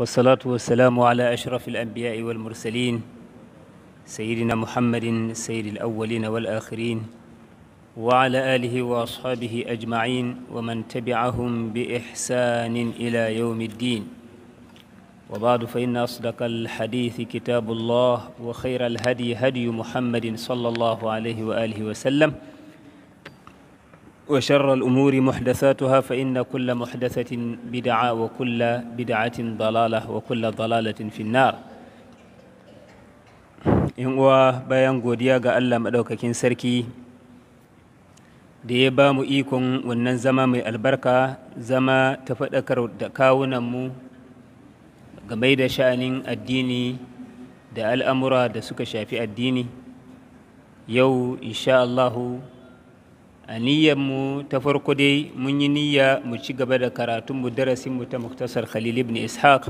والصلاة والسلام على أشرف الأنبياء والمرسلين سيدنا محمد سيد الأولين والآخرين وعلى آله وأصحابه أجمعين ومن تبعهم بإحسان إلى يوم الدين وبعد فإن أصدق الحديث كتاب الله وخير الهدي هدي محمد صلى الله عليه وآله وسلم وشر الأمور محدثاتها فإن كل محدثة بدعة وكل بدعة ضلالة وكل ضلالة في النار in uwa bayan godiya ga Allah maɗaukakin sarki da ya ba mu ikon wannan zama mai albarka zama ta faɗakar da mu game da sha'anin addini da al'amura da suka shafi addini yau insha Allahu a mu ta farko dai mun yi niyya mu ci gaba da karatunmu darasinmu ta muktasar khalil ibn ishaq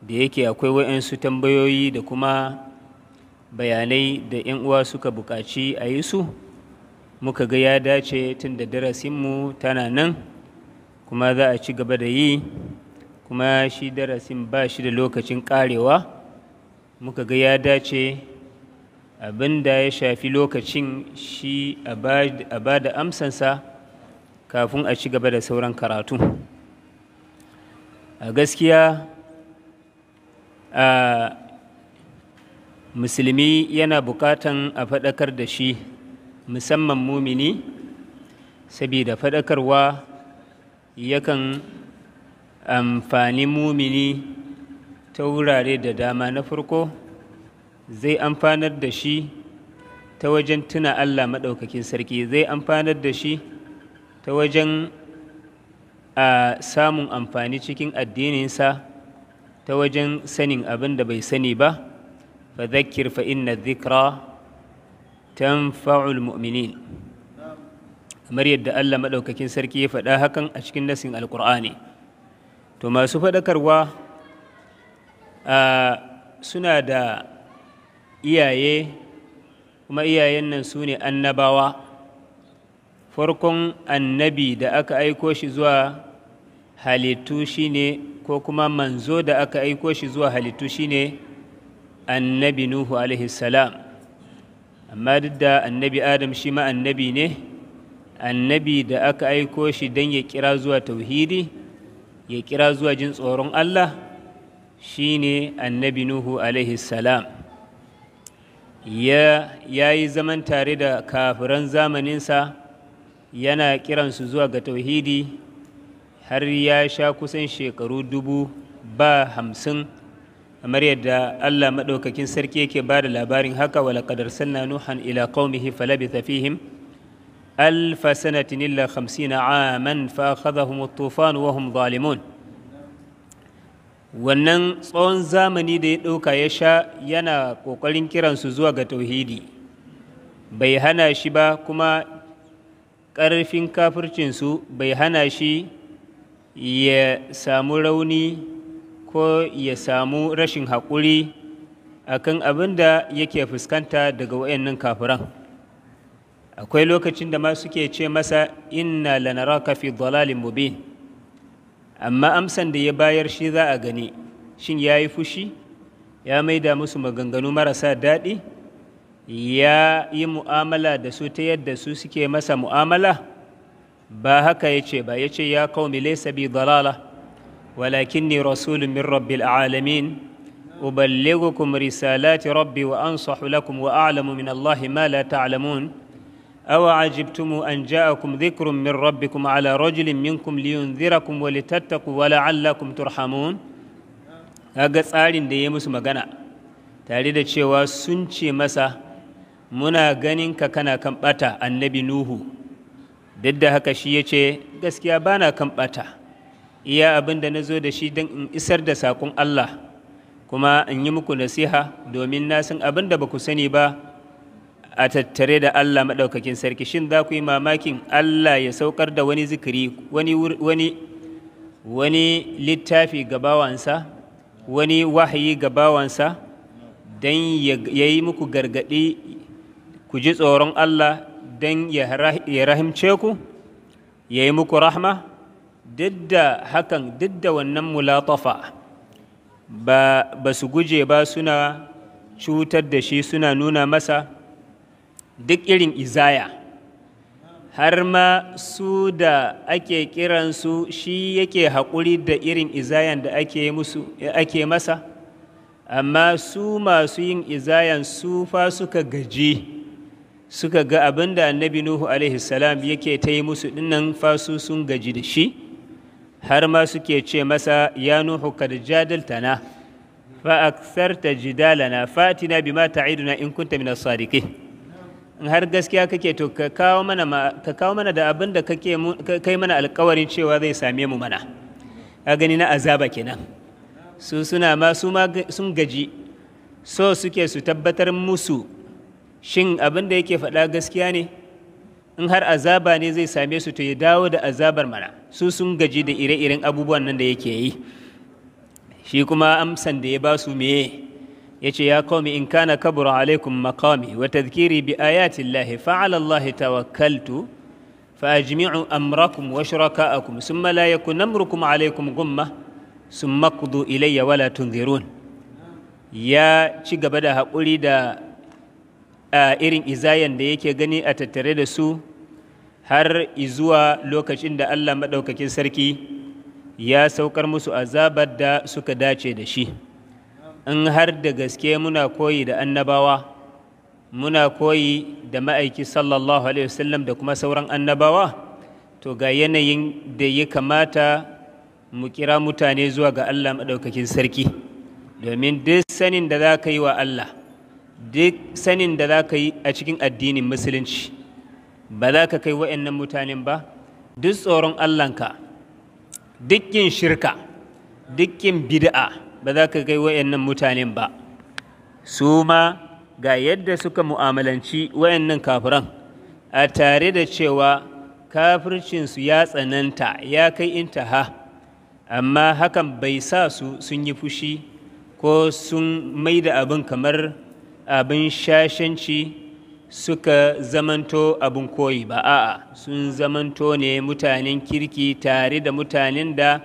da yake akwai wa'yansu tambayoyi da kuma bayanai da 'yan uwa suka buƙaci a yi su muka ga ya dace tunda da darasinmu tana nan kuma za a ci gaba da yi kuma shi darasin ba shi da lokacin ƙarewa muka ga ya dace abin da ya shafi lokacin shi a ba da amsansa kafin a ci gaba da sauran karatu a gaskiya a musulmi yana bukatan a faɗakar da shi musamman mumini saboda faɗakarwa yakan amfani mumini ta wurare da dama na farko zai amfanar da shi ta wajen tuna Allah maɗaukakin sarki zai amfanar da shi ta wajen a samun amfani cikin addininsa ta wajen sanin abin da bai sani ba fa zakir fa inna zikra tanfa'ul mu'minin kamar yadda Allah maɗaukakin sarki ya faɗa hakan a cikin nasin alƙur'ani to masu faɗakarwa suna da iyaye kuma iyayen nan su ne annabawa farkon annabi da aka aiko shi zuwa halittu shine ko kuma manzo da aka aiko shi zuwa halittu shine annabi nuhu alaihi salam amma duk da annabi adam shi ma annabi ne annabi da aka aiko shi don ya kira zuwa tauhidi ya kira zuwa jin tsoron allah shine annabi nuhu alaihi salam ya yi zaman tare da kafiran zamaninsa yana kiransu zuwa ga tauhidi har ya sha kusan shekaru dubu ba hamsin kamar yadda Allah maɗaukakin sarki yake ba da labarin haka wala sanna nuhan ila qaumihi falabitha fihim alf sanatin illa 50 aman fa akhadhahum tufan wa hum zalimun wannan tsawon zamani da ya ɗauka ya sha yana ƙoƙarin kiransu zuwa ga tauhidi bai hana shi ba kuma ƙarfin kafircinsu bai hana shi ya samu rauni ko ya samu rashin haƙuri a kan abin da yake fuskanta daga wayannan kafiran akwai lokacin da ma suke ce masa inna lanaraka fi dalalin mubin amma amsan da ya bayar shi za a gani shin ya yi fushi ya maida musu maganganu marasa daɗi ya yi mu'amala da su ta yadda su suke masa mu'amala ba haka ya ce ba ya ce ya kaumi laysa bi dalala walakinni rasulun min rabbil alamin uballighukum risalati rabbi wa ansahu lakum wa a'lamu min allahi ma la ta'lamun أو عجبتم أن جاءكم ذكر من ربكم على رجل منكم لينذركم ولتتقوا ولعلكم ترحمون هذا tsarin da ya musu magana tare da cewa sun ce masa muna ganin ka kana kan bata annabi nuhu duk da haka shi ya ce gaskiya bana kan bata iya abin da na zo da shi don in isar da saƙon allah kuma in yi muku nasiha domin na san abin da ba ku sani ba a tattare da Allah maɗaukakin sarki shin za ku yi mamakin Allah ya saukar da wani zikiri wani littafi ga bawansa wani wahayi ga bawansa don ya yi muku gargaɗi ku ji tsoron Allah don ya rahimce ku ya yi muku rahma duk da hakan duk da wannan mulatafa ba su guje ba suna cutar da shi suna nuna masa duk irin izaya har ma su da ake kiransu shi yake haƙuri da irin izayan da ake, musu, ake masa amma su masu yin izayan su fa suka gaji suka ga abin da annabi nuhu alaihi salam yake ta yi musu dinnan fasu sun gaji da shi har ma suke ce masa ya nuhu kad jadaltana fa aksarta jidalana fatina bima ta'iduna in kunta min as-sadiqin in har gaskiya kake to ka kawo mana da abin da kai mana alkawarin cewa zai same mu mana a gani na azaba kenan su suna ma sun gaji so suke su tabbatar musu shin abin da yake faɗa gaskiya ne in har azaba ne zai same su to ya dawo da azabar mana su sun gaji da ire-iren abubuwan nan da yake yi shi kuma amsan da ya ba su meye yace ya komi in kana kabura alaikum maqami wa tadhkiri bi ayati llahi fa ala allahi tawakkaltu فأجمعوا أمركم وشركاءكم ثم لا يكن gumma عليكم غمة ثم اقضوا إلي ya ci gaba da بدا da a irin izayen da yake gani a tattare da su har izuwa lokacin da Allah maɗaukakin sarki ya saukar musu azabar da suka dace da shi. in har da gaske muna koyi da annabawa muna koyi da ma'aiki sallallahu alaihi wasallam da kuma sauran annabawa to ga yanayin da ya kamata mu kira mutane zuwa ga Allah maɗaukakin sarki domin duk sanin da za ka yi wa Allah duk sanin da za ka yi a cikin addinin musulunci ba za ka kai wa'annan mutanen ba duk tsoron Allahnka dukkin shirka dukkin bid'a ba za ka kai wayannan mutanen ba su ma ga yadda suka mu'amalanci wayannan kafiran a tare da cewa kafircinsu ya tsananta ya kai intaha amma hakan bai sa su sun yi fushi ko sun mai da abin kamar abin shashanci suka zamanto abin koyi ba a'a sun zamanto ne mutanen kirki tare da mutanen da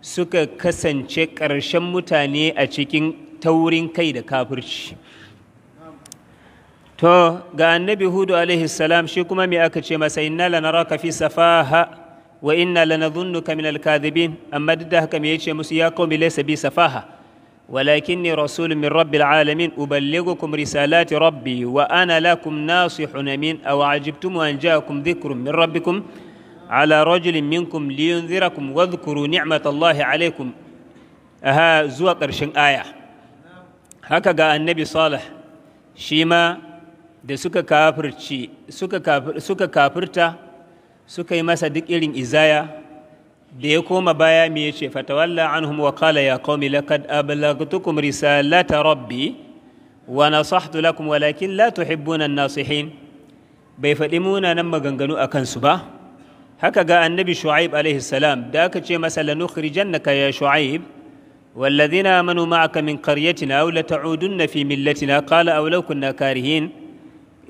suka kasance ƙarshen mutane a cikin taurin kai da kafirci to ga annabi hudu alaihi salam shi kuma me aka ce masa inna lanaraka fi safaha wa inna lanadhunnuka min alkadhibin amma duk da haka me yace musu ya qaumi laysa bi safaha ولكني رسول من رب العالمين أبلغكم رسالات ربي وأنا لكم ناصح أمين أو عجبتم أن جاءكم ذكر من ربكم ala rajulin minkum liyunzirakum wadhkuru ni'matallahi alaikum aha zuwa ƙarshen aya haka ga annabi salih shima da suka kafirci suka suka kafirta suka yi masa duk irin izaya da ya koma baya me yace fatawalla anhum wa qala ya qaumi laqad ablaghtukum risalata rabbi wa nasahtu lakum walakin la tuhibbuna an-nasihin bai faɗi munanan maganganu a kansu ba haka ga annabi shu'aib alaihi salam da aka ce masa lanukhrijannaka ya shu'aib والذين آمنوا معك من قريتنا أو لتعودن في ملتنا قال أو لو كنا كارهين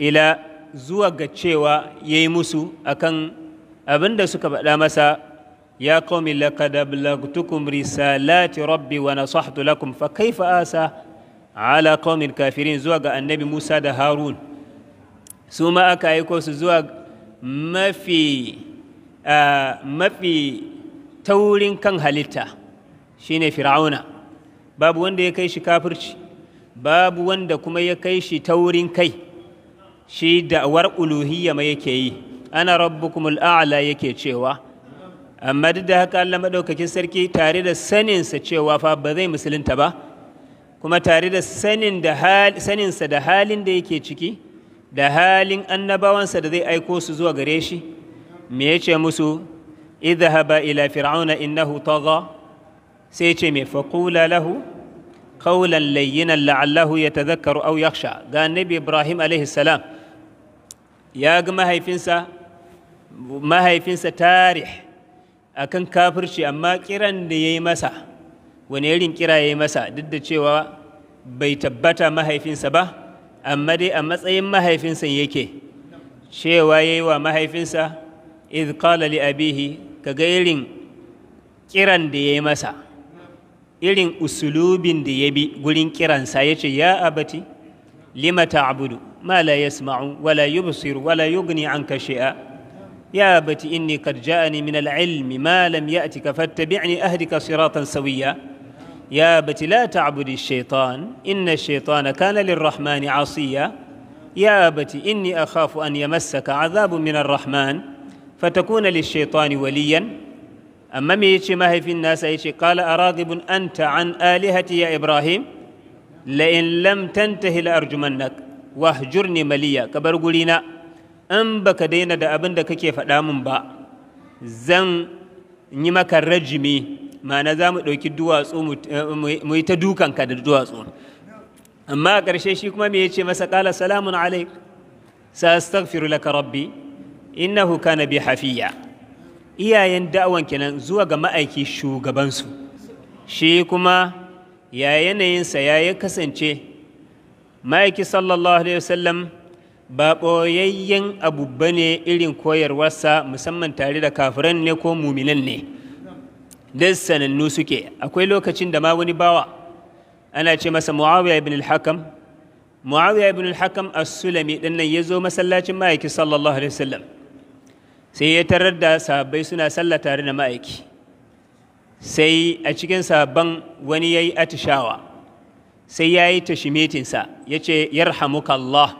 إلى zuwa ga cewa ya yi musu akan abin da suka faɗa masa ya qaumi laqad ablagtukum risalati rabbi wa nasahtu lakum fa kaifa asa ala qaumin kafirin zuwa ga annabi Musa da Harun su ma aka aiko su zuwa mafi Ah, mafi taurin kan halitta shine fir'auna babu wanda ya kai shi kafirci babu wanda kuma ya kai shi taurin kai shi war uluhiyya ma yake yi ana rabbukumul a'la yake cewa amma duk da haka Allah madaukakin sarki tare da saninsa cewa fa ba zai musulunta ba kuma tare da da saninsa da halin da yake ciki da halin annabawansa da zai aiko su zuwa gare shi me ya ce musu idhaba ila fir'auna innahu tagha sai ce me faqula lahu qawlan layyinan la'allahu yatadhakkaru aw yakhsha ga annabi ibrahim alaihi salam ya ga mahaifinsa mahaifinsa tarih akan kafirci amma kiran da yayi masa wani irin kira yi masa duk da cewa bai tabbata mahaifinsa ba amma dai a matsayin mahaifinsa yake cewa yayi wa mahaifinsa إذ قال لأبيه كغيرين كيران دي مسا إلين أسلوب دي يبي قولين كيران سايتي يا أبتي لما تعبد ما لا يسمع ولا يبصر ولا يغني عنك شيئا يا أبتي إني قد جاءني من العلم ما لم يأتك فاتبعني أهدك صراطا سويا يا أبتي لا تعبد الشيطان إن الشيطان كان للرحمن عصيا يا أبتي إني أخاف أن يمسك عذاب من الرحمن fatakuna lishaitani waliyan amma me yace mahaifin nasa yace qala araghibun anta an alihati ya ibrahim la in lam tantahi la arjumannak wahjurni maliya ka bar guri gurina in baka daina da abin da kake faɗa min ba zan yi maka rajimi ma'ana za ɗauki duwatsu mu eh, ta dukanka da duwatsu amma a ƙarshe shi kuma me yace masa qala salamun alaik sa astaghfiru laka rabbi innahu kana bi hafiya iyayen da'awan kenan zuwa ga ma'aiki shugabansu shi kuma ya yanayinsa ya ya kasance ma'aiki sallallahu alaihi wasallam ba ɓoyayyen abu ba ne irin koyarwarsa musamman tare da kafiran ne ko muminan ne dan sanannu suke akwai lokacin da ma wani bawa ana ce masa muawiya ibn al-hakam muawiya ibn al-hakam as-sulami dinnan yazo masallacin ma'aiki sallallahu alaihi wasallam sai ya tarar da sahabbai suna sallah tare da ma'aiki sai a cikin sahabban wani ya yi atishawa sai ya yi tashimitinsa ya ce yarhamuka Allah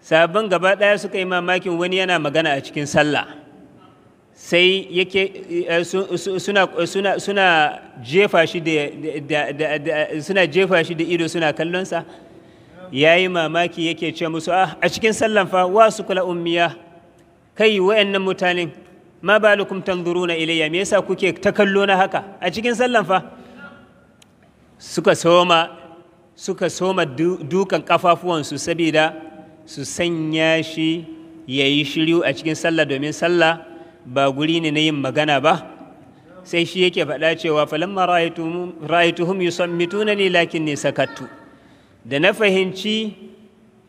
sahabban gaba ɗaya suka yi mamakin wani yana magana a cikin sallah sai suna jefa shi da ido suna kallonsa ya yi mamaki yake ce musu ah, a cikin sallan fa wa su kula ummiya kai wa'annan mutanen ma ba tanzuru tanzuruna ilayya me yasa kuke ta kallo na haka a cikin sallan fa suka soma suka soma dukan kafafuwansu saboda su sanya shi ya yi shiru a cikin sallah domin sallah ba guri ne na yin magana ba sai shi yake faɗa cewa falamma ra'aytuhum yusammituna ni lakin sakattu da na fahimci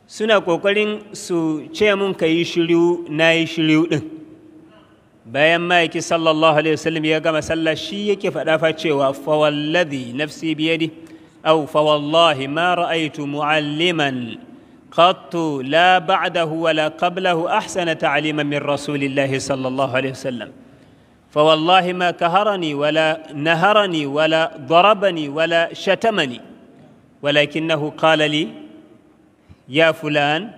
suna ƙoƙarin su ce mun ka yi shiryu na yi shiryu ɗin bayan ma'aiki sallallahu alaihi wasallam ya gama sallah shi yake faɗa fa cewa fawalladhi nafsi biyadi aw fawallahi ma ra'aytu mu'alliman qattu la ba'dahu wala qablahu ahsana ta'liman min rasulillahi sallallahu alaihi wasallam فوالله ما كهرني ولا نهرني ولا ضربني ولا شتمني ولكنه قال لي يا فلان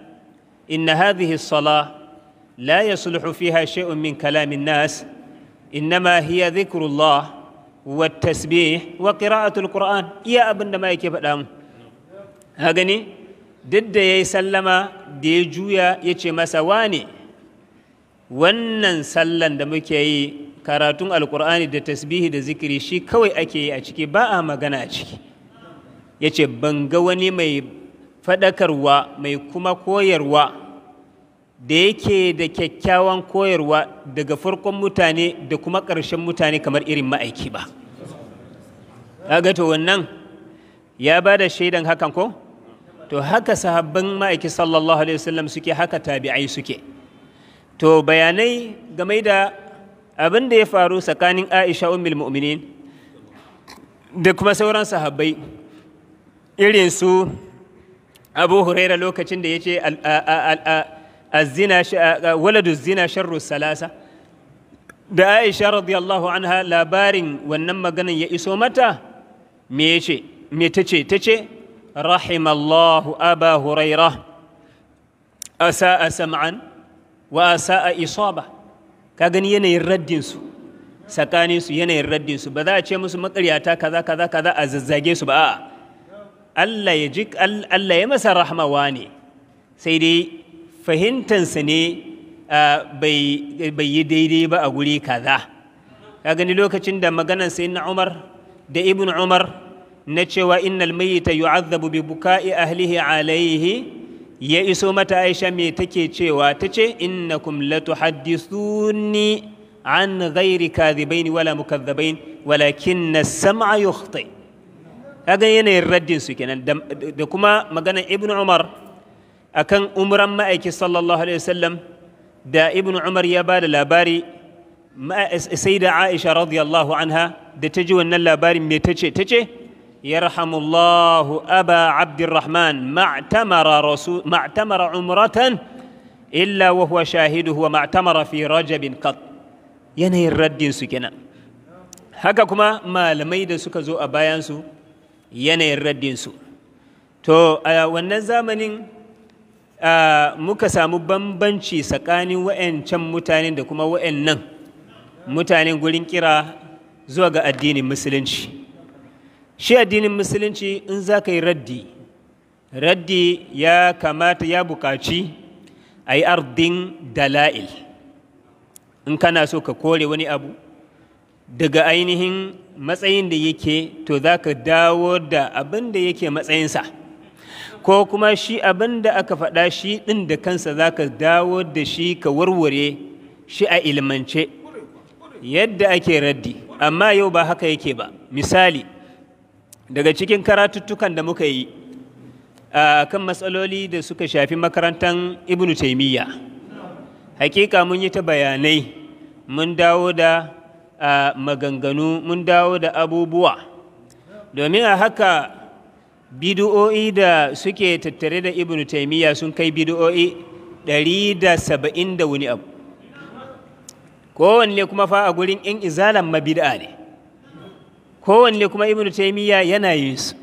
إن هذه الصلاة لا يصلح فيها شيء من كلام الناس إنما هي ذكر الله والتسبيح وقراءة القرآن يا أبن ما يكيب الأم هاغني ضد يسلم دي جويا يتشي مسواني wannan sallan da muke yi karatun alkur'ani da tasbihi da zikiri shi kawai ake yi a ciki ba a magana a ciki ya ce ban ga wani mai faɗakarwa mai kuma koyarwa da yake da kyakkyawan koyarwa daga farkon mutane da kuma ƙarshen mutane kamar irin ma'aiki ba ga to wannan ya ba da shaidan hakan ko to haka sahabban ma'aiki sallallahu alaihi wasallam suke haka tabi'ai suke to bayanai game da abin da ya faru tsakanin aisha ummul mu'minin da kuma sauran sahabbai irin su abu huraira lokacin da ya ce waladu zina sharru salasa da aisha radiyallahu anha labarin wannan maganin ya iso mata me ce me ta ce ta ce rahimallahu aba huraira asa'a sam'an wa iso ba ka gani yanayin raddinsu tsakaninsu yanayin raddinsu ba za a ce musu makaryata kaza kaza kaza a zazzage su ba a'a Allah ya ji Allah ya masa rahmawa ne sai dai fahimtansa ne bai yi daidai ba a guri kaza ka gani lokacin da maganar sai na Umar da Ibn Umar na cewa innal mayyita yu'azzabu bi buka'i ahlihi alaihi ya iso mata Aisha me take cewa tace innakum latuhaddithuni an ghairi kadhibain wala mukadhabain walakin as-sam'a yukhti kaga yanayin raddin su kenan da kuma magana ibnu umar akan umran ma'aiki sallallahu alaihi wasallam da ibnu umar ya ba da labari sai da aisha radiyallahu anha da ta ji wannan labarin me ta ce ta ce yarhamullahu aba abdurrahman ma'tamara umratan illa wa huwa shahiduhu wa ma'tamara fi rajabin qat yanayin raddin su kenan haka kuma malamai da suka zo a bayansu yanayin raddinsu to a wannan zamanin muka samu bambanci tsakanin wa'ancan mutanen da kuma wa'annan mutanen gurin kira zuwa ga addinin musulunci shi addinin musulunci in za ka yi raddi raddi ya kamata ya bukaci a yi ardin dala'il in kana so ka kore wani abu daga ainihin matsayin da yake to za ka dawo da abin da yake matsayinsa ko kuma shi abin da aka faɗa shi ɗin da kansa za ka dawo da shi ka warware shi a ilmance yadda ake raddi amma yau ba haka yake ba misali daga cikin karatuttukan da muka yi a kan matsaloli da suka shafi makarantar ibnu taimiyya hakika mun yi ta bayanai mun dawo da A maganganu mun dawo da abubuwa domin a haka bidu'o'i da suke tattare da Ibn taimiyya sun kai bidu'o'i ɗari da saba'in da wani abu kowanne kuma fa a gurin in izalan mabid'a ne kowanne kuma Ibn taimiyya yana yin su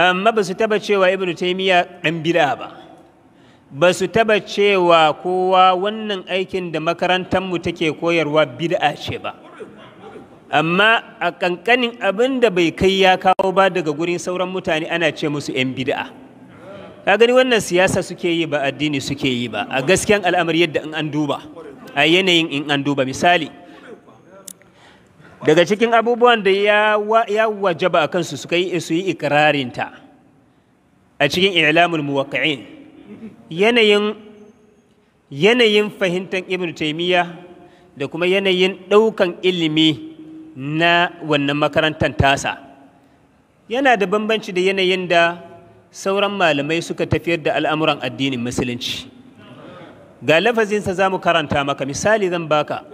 amma ba su taba cewa Ibn taimiyya ɗan bid'a ba ba su taba cewa kowa wannan aikin da makarantarmu take koyarwa bid'a ce ba amma a kankanin abin da bai kai ya kawo ba daga gurin sauran mutane ana ce musu 'yan bid'a ka gani wannan siyasa suke yi ba addini suke yi ba a gaskiyan al'amari yadda in an duba a yanayin in an duba misali daga cikin abubuwan da ya wajaba a kansu suka yi su yi ikirarinta a cikin ilamul muwaqqi'in yanayin fahimtar ibn taimiyya da kuma yanayin ɗaukan ilimi na wannan makarantar tasa yana da bambanci da yanayin da sauran malamai suka tafiyar da al'amuran addinin musulunci ga lafazinsa za mu karanta maka misali zan baka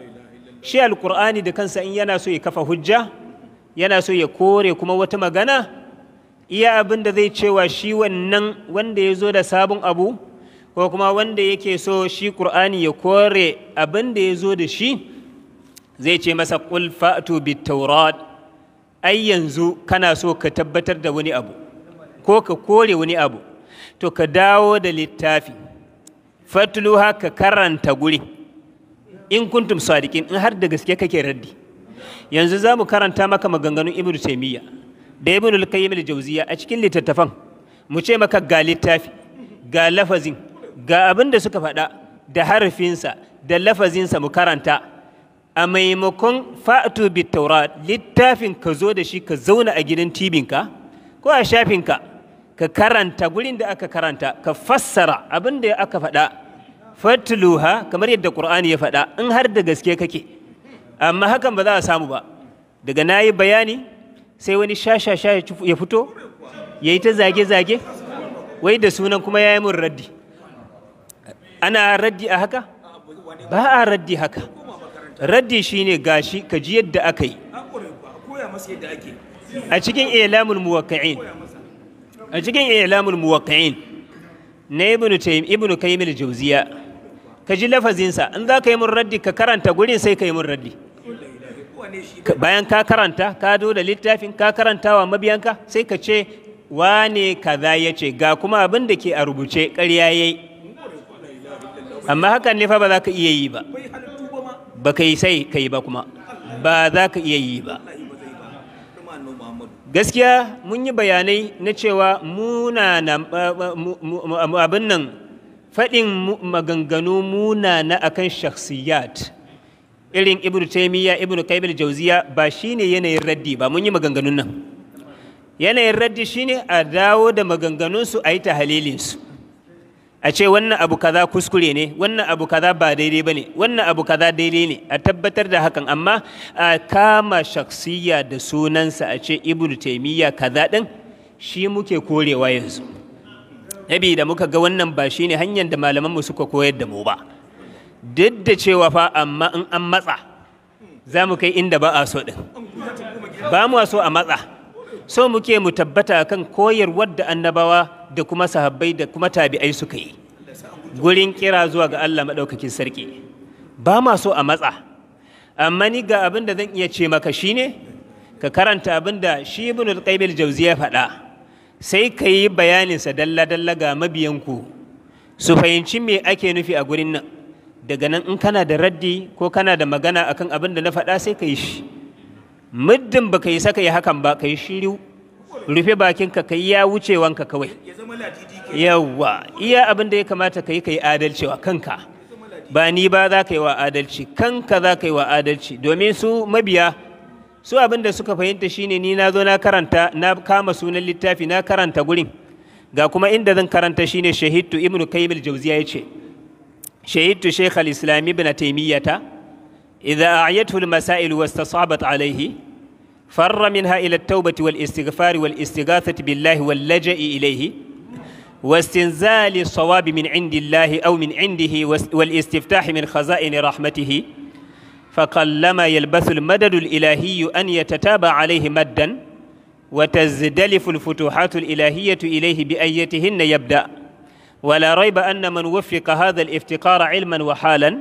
shi alkur'ani da kansa in yana so ya kafa hujja yana so ya kore kuma wata magana iya abin da zai cewa shi wannan wanda ya zo da sabon abu ko kuma wanda yake so shi ƙur'ani ya kore abin da ya zo da shi zai ce masa ƙul fa'atu bit taurat ai yanzu kana so ka tabbatar da wani abu ko ka kore wani abu to ka dawo da littafi fatulu ka karanta guri in kuntum sadiqin in har da gaske kake raddi yanzu za mu karanta maka maganganun ibnu taimiyya da ibn al-qayyim al jauziya a cikin littattafan mu ce maka ga littafi ga lafazin ga abin da suka faɗa da harfinsa da lafazinsa mu karanta a maimakon fa'atu bit taurat littafin ka zo da shi ka zauna a gidan tibinka ko a shafinka ka karanta gurin da aka karanta ka fassara abin da aka faɗa fatluha kamar yadda qur'ani ya faɗa in har da gaske kake amma hakan ba za a samu ba daga na yi bayani sai wani shashasha ya fito ya yi ta zage-zage wai da sunan kuma ya yi mun raddi ana raddi a haka ba a raddi haka raddi shine gashi ka ji yadda aka yi a cikin ilamun muwakka'in a cikin ilamun muwakka'in na ibnu tayyib ibnu kayyim al-jawziya ka ji lafazinsa in za ka yi mun raddi ka karanta gurin sai ka yi mun raddi bayan ka karanta ka zo da littafin ka karantawa mabiyanka sai ka ce wane kaza ya ce ga kuma abin da ke a rubuce ƙarya yayi amma hakan ne fa ba za ka iya yi ba ba ka yi sai ka yi ba kuma ba za ka iya yi ba gaskiya mun yi bayanai na cewa muna abin nan faɗin maganganu muna na akan shakhsiyat irin ibn taymiya ibn kaibil jauziya ba shine yanayin raddi ba mun yi maganganun nan yanayin raddi shine a dawo da maganganunsu a yi ta su a ce wannan abu kaza kuskure ne wannan abu kaza ba daidai bane wannan abu kaza daidai ne a tabbatar da hakan amma a kama shaksiya da sunansa a ce ibn taymiya kaza din shi muke korewa yanzu nabi da muka ga wannan ba shine hanyar da malamanmu suka koyar da mu ba duk da cewa fa amma in an matsa za mu kai inda ba a so ɗin ba mu so a matsa so muke mu tabbata kan koyarwar da annabawa da kuma sahabbai da kuma tabi'ai suka yi gurin kira zuwa ga Allah maɗaukakin sarki ba ma so a matsa amma ni ga abin da zan iya ce maka shine ka karanta abin da shi ibn al-qayyim faɗa sai ka yi sa dalla-dalla ga mabiyanku su fahimci me ake nufi a gurin nan daga nan in kana da raddi ko kana da magana akan abin da na faɗa sai ka yi shi muddin ba ka yi saka yi hakan ba ka yi shiru rufe bakinka ka yi ya wuce wanka kawai yawwa iya abin da ya kamata ka yi ka yi adalci wa kanka ba ni ba za ka yi wa adalci kanka za ka yi wa adalci domin su mabiya su abin da suka fahimta shine ni na zo na karanta na kama sunan littafi na karanta gurin ga kuma inda zan karanta shine shahidtu ibnu kaymil jauziya yace شهدت شيخ الإسلام ابن تيمية إذا أعيته المسائل واستصعبت عليه فر منها إلى التوبة والاستغفار والاستغاثة بالله واللجأ إليه واستنزال الصواب من عند الله أو من عنده والاستفتاح من خزائن رحمته فقلما يلبث المدد الإلهي أن يتتابع عليه مدا وتزدلف الفتوحات الإلهية إليه بأيتهن يبدأ ولا ريب أن من وفق هذا الافتقار علما وحالا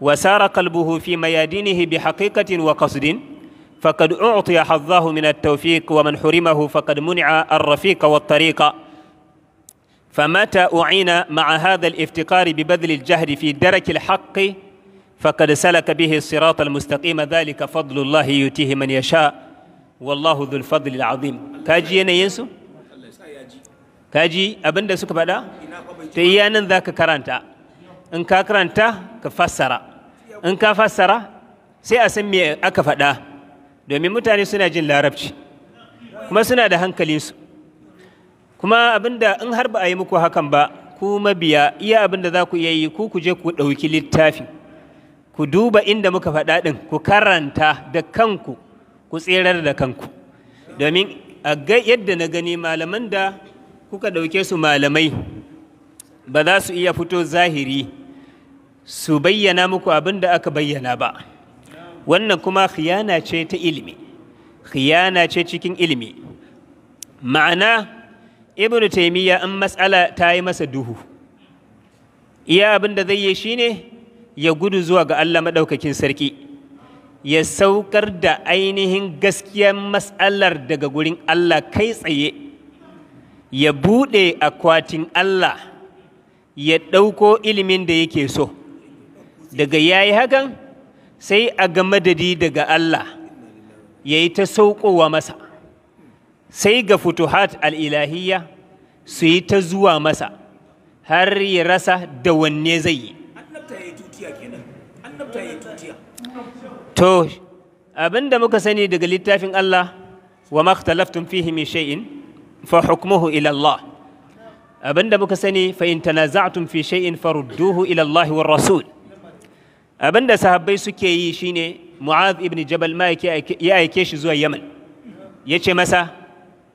وسار قلبه في ميادينه بحقيقة وقصد فقد أعطي حظه من التوفيق ومن حرمه فقد منع الرفيق والطريق فمتى أعين مع هذا الافتقار ببذل الجهد في درك الحق فقد سلك به الصراط المستقيم ذلك فضل الله يؤتيه من يشاء والله ذو الفضل العظيم كاجي ينسو kaji abin da suka faɗa ta yi yanin za ka karanta in ka karanta ka fassara in ka fassara sai a san me aka faɗa domin mutane suna jin larabci kuma suna da hankalinsu kuma abin da in har ba a yi muku hakan ba ku mabiya iya abin da za ku iya yi ku ku je ku ɗauki littafi ku duba inda muka faɗa ɗin ku karanta da kanku ku tserar da kanku domin a ga yadda na gani malaman da kuka ɗauke su malamai ba za su iya fito zahiri su bayyana muku abin da aka bayyana ba wannan kuma khiyana ce ta ilimi khiyana ce cikin ilimi ma'ana Ibn taimiyya in matsala ta yi masa duhu iya abin da zai yi ne ya gudu zuwa ga Allah maɗaukakin sarki ya saukar da ainihin gaskiyar matsalar daga gurin Allah kai tsaye ya buɗe akwatin Allah ya ɗauko ilimin da yake so daga ya yi hakan sai a ga madadi daga Allah ya yi ta sauƙowa masa sai ga futuhat al'ilahiyya su yi ta zuwa masa har ya rasa da wanne zai yi to abin da muka sani daga littafin Allah wa makhtalaftun fihi min shay'in fa hukmuhu ila Allah abinda muka sani fa in tanaza'tum fi shay'in farudduhu ila Allah war rasul abinda sahabbai suke yi shine Mu'adh ibn Jabal ma ya aike shi zuwa Yaman yace masa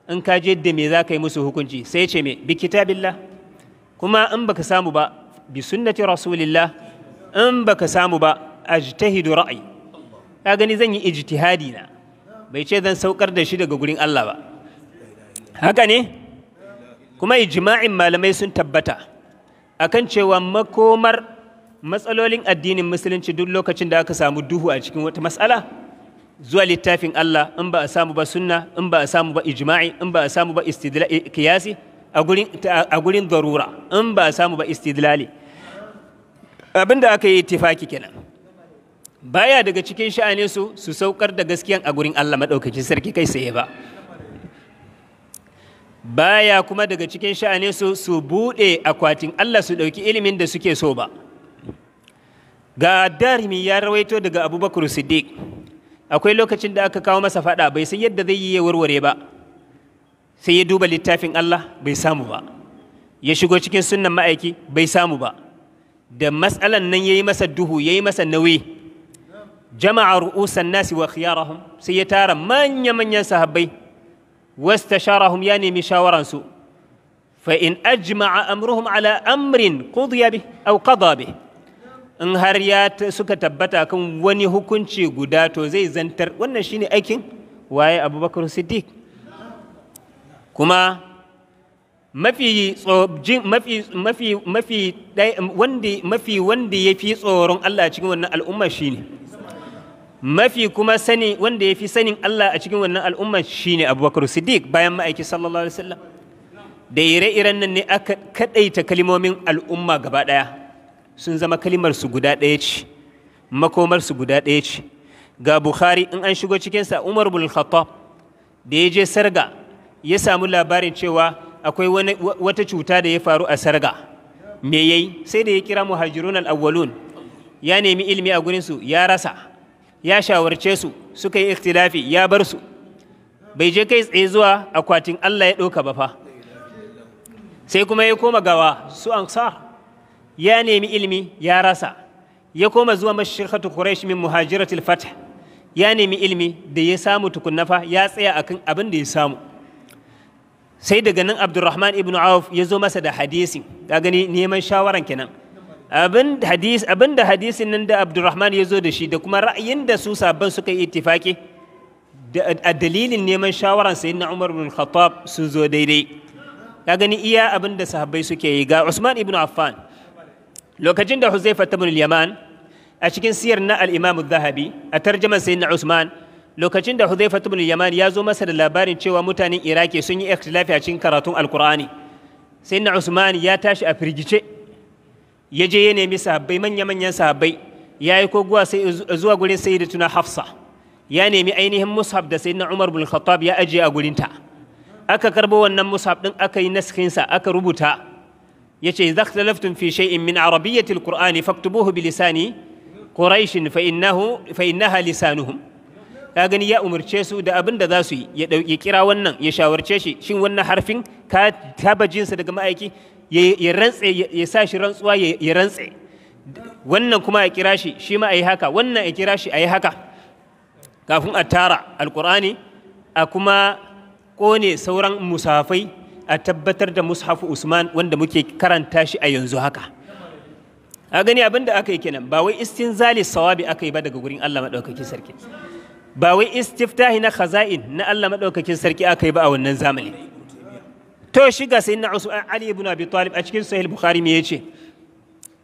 in ka je da me za ka musu hukunci sai ce me bi kitabillah kuma in baka samu ba bi sunnati rasulillah in baka samu ba ajtahidu ra'ayi ka gani zan yi ijtihadi na bai ce zan saukar da shi daga gurin Allah ba haka ne kuma ijma'in malamai sun tabbata akan cewa makomar matsalolin addinin musulunci duk lokacin da aka samu duhu a cikin wata matsala zuwa littafin Allah in ba a samu ba sunna in ba a samu ba ijma'i in ba a samu ba istidlali kiyasi eh, a gurin darura in ba a samu ba istidlali abin aka yi tifaki kenan baya daga cikin sha'aninsu su saukar da gaskiyan a gurin Allah maɗaukacin sarki kai sai ba baya kuma daga cikin sha'aninsu su su buɗe akwatin Allah su ɗauki ilimin da suke so ba ga darimi ya rawaito daga abubakar siddiq akwai lokacin da aka kawo masa faɗa bai san yadda zai yi ya warware ba sai ya duba littafin Allah bai samu ba ya shigo cikin sunnan ma'aiki bai samu ba da matsalan nan ya yi masa duhu ya yi masa nauyi jama'a ru'usan nasi wa khiyarahum sai ya tara manya-manyan sahabbai واستشارهم يعني مشاورا سوء فإن أجمع أمرهم على أمر قضي به أو قضى به إن هريات سكت بتاكم وني هكنشي قداتو زي زنتر ونشيني أكين واي أبو بكر الصديق كما ما في صوب جين ما في ما في ما في وندي ما في وندي يفي صورون الله تشكي الأمة شيني mafi kuma sani wanda ya fi sanin Allah a cikin wannan al'umma shine Abubakar Siddiq bayan ma'aiki sallallahu alaihi wasallam da ire-iren nan ne aka kadaita kalimomin al'umma gaba daya sun zama kalimar su guda ɗaya ce makomar su guda daya ce ga Bukhari in an shigo cikin sa Umar bin Khattab da ya je Sarga ya samu labarin cewa akwai wata cuta da ya faru a Sarga me yayi sai da ya kira muhajirun al-awwalun ya nemi ilimi a gurin su ya rasa ya shawarce su suka yi ikhtilafi ya bar su bai je kai tsaye zuwa akwatin Allah ya ɗauka ba fa sai kuma ya koma gawa su ansar ya nemi ilimi ya rasa ya koma zuwa mashirkatu quraish min muhajiratul fath ya nemi ilimi da ya samu tukunna fa ya tsaya akan abin da ya samu sai daga nan abdurrahman ibn auf ya zo masa da hadisi ga gani neman shawaran kenan abin da hadisin nan da Abdurrahman ya zo da shi da kuma ra'ayin da su sabban suka yi itifaki a dalilin neman shawaran sayyidina Umar bin Khattab sun zo daidai ka gani iya abin da sahabbai suke yi ga Usman ibn Affan lokacin da Huzaifa ibn yaman a cikin siyar na al zahabi a tarjumar sayyidina Usman lokacin da Huzaifa ibn yaman ya zo masa da labarin cewa mutanen Iraki sun yi ikhtilafi a cikin karatun Al-Qur'ani sayyidina Usman ya tashi a firgice ya je ya nemi sahabbai manya-manyan sahabbai ya yi guwa sai zuwa gurin sayyidatuna hafsa ya nemi ainihin mushaf da sayyidina umar bin khattab ya ajiye a gurinta aka karbo wannan mushaf din aka yi naskinsa aka rubuta yace idza ikhtalaftun fi shay'in min arabiyyati alqur'ani faktubuhu bi lisani quraish fa innahu fa innaha lisanuhum ka gani ya umarce su da abin da za su yi ya kira wannan ya shawarce shi shin wannan harfin ka taba jinsa daga ma'aiki ya rantse ya sa shi rantsuwa ya rantse wannan kuma ya kira shi shi ma a yi haka wannan ya kira shi a yi haka kafin a tara alkur'ani a kuma kone sauran musafai a tabbatar da mushafu usman wanda muke karanta shi a yanzu haka a gani abin da aka yi kenan ba wai zali sawabi aka yi ba daga gurin Allah maɗaukakin sarki ba wai istiftahi na khaza'in na Allah maɗaukakin sarki aka yi ba a wannan zamani to shi ga na Ali ibn Abi Talib a cikin Sahih Bukhari me yace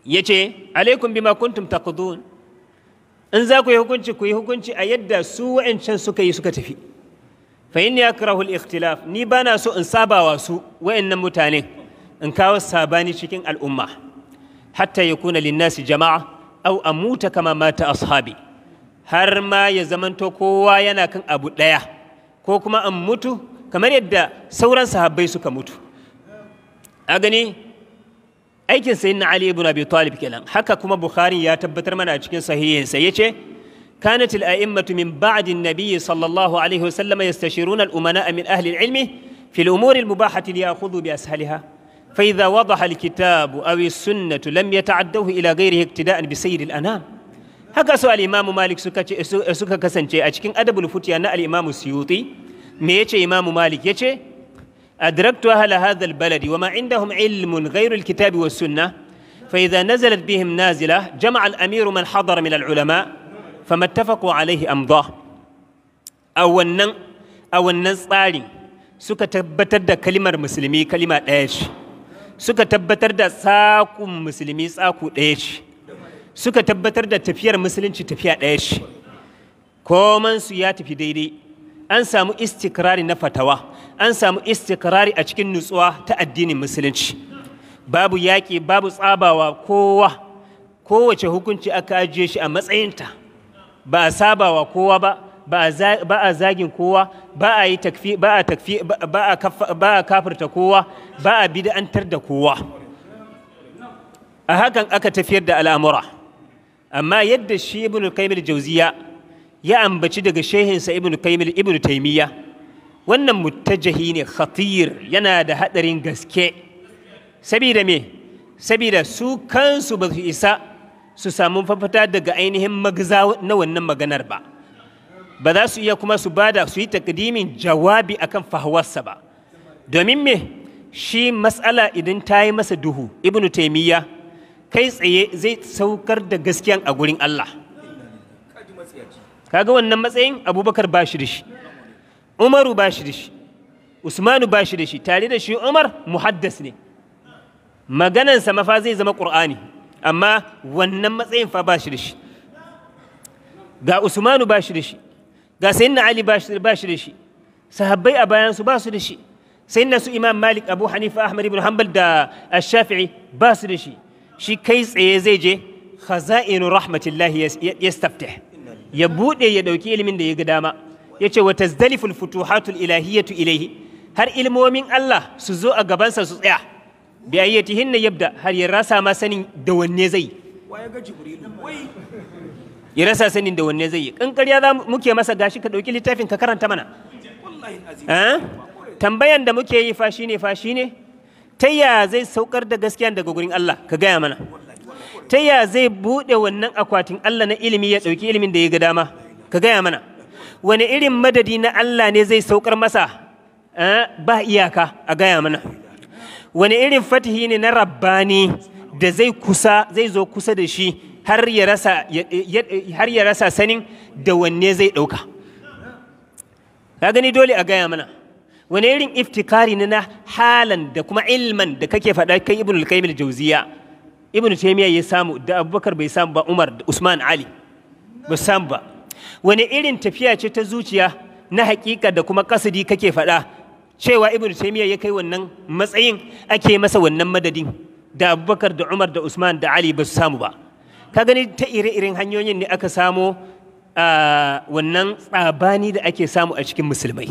yace alaikum bima kuntum taqdun in za ku yi hukunci ku yi hukunci a yadda su wa'ancan suka yi suka tafi fa inni akrahu al-ikhtilaf ni bana so in sabawa su wa'annan mutane in kawo sabani cikin al'umma hatta yakuna lin linnasi jama'a aw amuta kama mata ashabi har ma ya zamanto kowa yana kan abu daya ko kuma an mutu kamar yadda sauran sahabbai suka mutu a gani aikin sayin na Ali ibn Abi Talib kenan haka kuma Bukhari ya tabbatar mana a cikin sahihinsa yace كانت الأئمة من بعد النبي صلى الله عليه وسلم يستشيرون الأمناء من أهل العلم في الأمور المباحة ليأخذوا بأسهلها فإذا وضح الكتاب أو السنة لم يتعدوه إلى غيره اقتداء بسيد الأنام هكا سؤال الإمام مالك سكا كسنجي أشكين أدب الفتيان الإمام السيوطي me yace imamu malik yace adraktu ahla hadha baladi wa ma indahum ilmun ghayru alkitabi was sunnah fa idha nazalat bihim nazila jama'a al-amir man hadara min al-ulama fa ittafaqu alayhi amdah a wannan a wannan tsarin suka tabbatar da kalimar musulmi kalima daya ce suka tabbatar da tsakun musulmi tsaku ɗaya ce suka tabbatar da tafiyar musulunci tafiya ɗaya ce su ya tafi daidai an samu istikrari na fatawa an samu istikrari a cikin nutsuwa ta addinin musulunci babu yaƙi babu tsabawa kowa kowace hukunci aka ajiye shi a matsayinta ba a sabawa kowa ba ba a zagin kowa ba a yi takfi ba a takfi ba a kafirta kowa ba a bid'antar da kowa a hakan aka tafiyar da al'amura amma yadda shi ibn al-qayyim al ya ambaci daga shehinsa ibn kaimil ibn taimiyya wannan mutajahi ne khatir yana da hadarin gaske sabida me saboda su kansu ba su isa su samu fafata daga ainihin magza na wannan maganar ba ba za su iya kuma su bada su yi takdimin jawabi akan fahawarsa ba domin me shi matsala idan ta yi masa duhu ibn taimiyya kai tsaye zai saukar da gaskiyan a gurin Allah kaga wannan matsayin abubakar ba shi da shi umaru ba shi da shi usmanu ba shi da shi tare da shi umar muhaddas ne maganansa mafa zai zama ƙur'ani amma wannan matsayin fa ba shi da shi ga usmanu ba shi da shi ga sayyidina ali ba shi da shi sahabbai a bayansu ba su da shi sayyidina su imam malik abu hanifa ahmad ibn hanbal da ash-shafi'i ba su da shi shi kai tsaye zai je khaza'inu rahmatillahi yastaftih ya buɗe ya ɗauki ilimin da ya ga dama ya ce wa tazdaliful futuhatul ilahiyatu ilaihi har ilmomin Allah su zo a gabansa su tsaya bi ayyatihin na yabda har ya rasa ma sanin da wanne zai ya rasa sanin da wanne zai kankar ya za muke masa gashi ka ɗauki littafin ka karanta mana ah? tambayan da muke yi fashi ne-fashi ne, ta yaya zai saukar da gaskiya daga gurin Allah ka gaya mana ta ya zai buɗe wannan akwatin Allah na ilimi ya ɗauki ilimin da ya ga dama ka gaya mana wani irin madadi na Allah ne zai saukar masa ba iyaka a gaya mana wani irin fatihi ne na rabbani da zai kusa zai zo kusa da shi har ya rasa sanin da wanne zai ɗauka ka gani dole a gaya mana wani irin iftikari na halan da kuma ilman da kake faɗa kai ibn al-qayyim al-jawziya Ibn taimiyya ya samu da abubakar bai samu ba umar da usman ali ba samu ba wani irin tafiya ce ta zuciya na hakika da kuma kasidi kake faɗa cewa Ibn taimiyya ya kai wannan matsayin ake masa wannan madadin da abubakar da umar da usman da ali ba su samu ba ka gani ta ire-iren hanyoyin ne aka samo ah, wannan tsabani da ake samu a cikin musulmai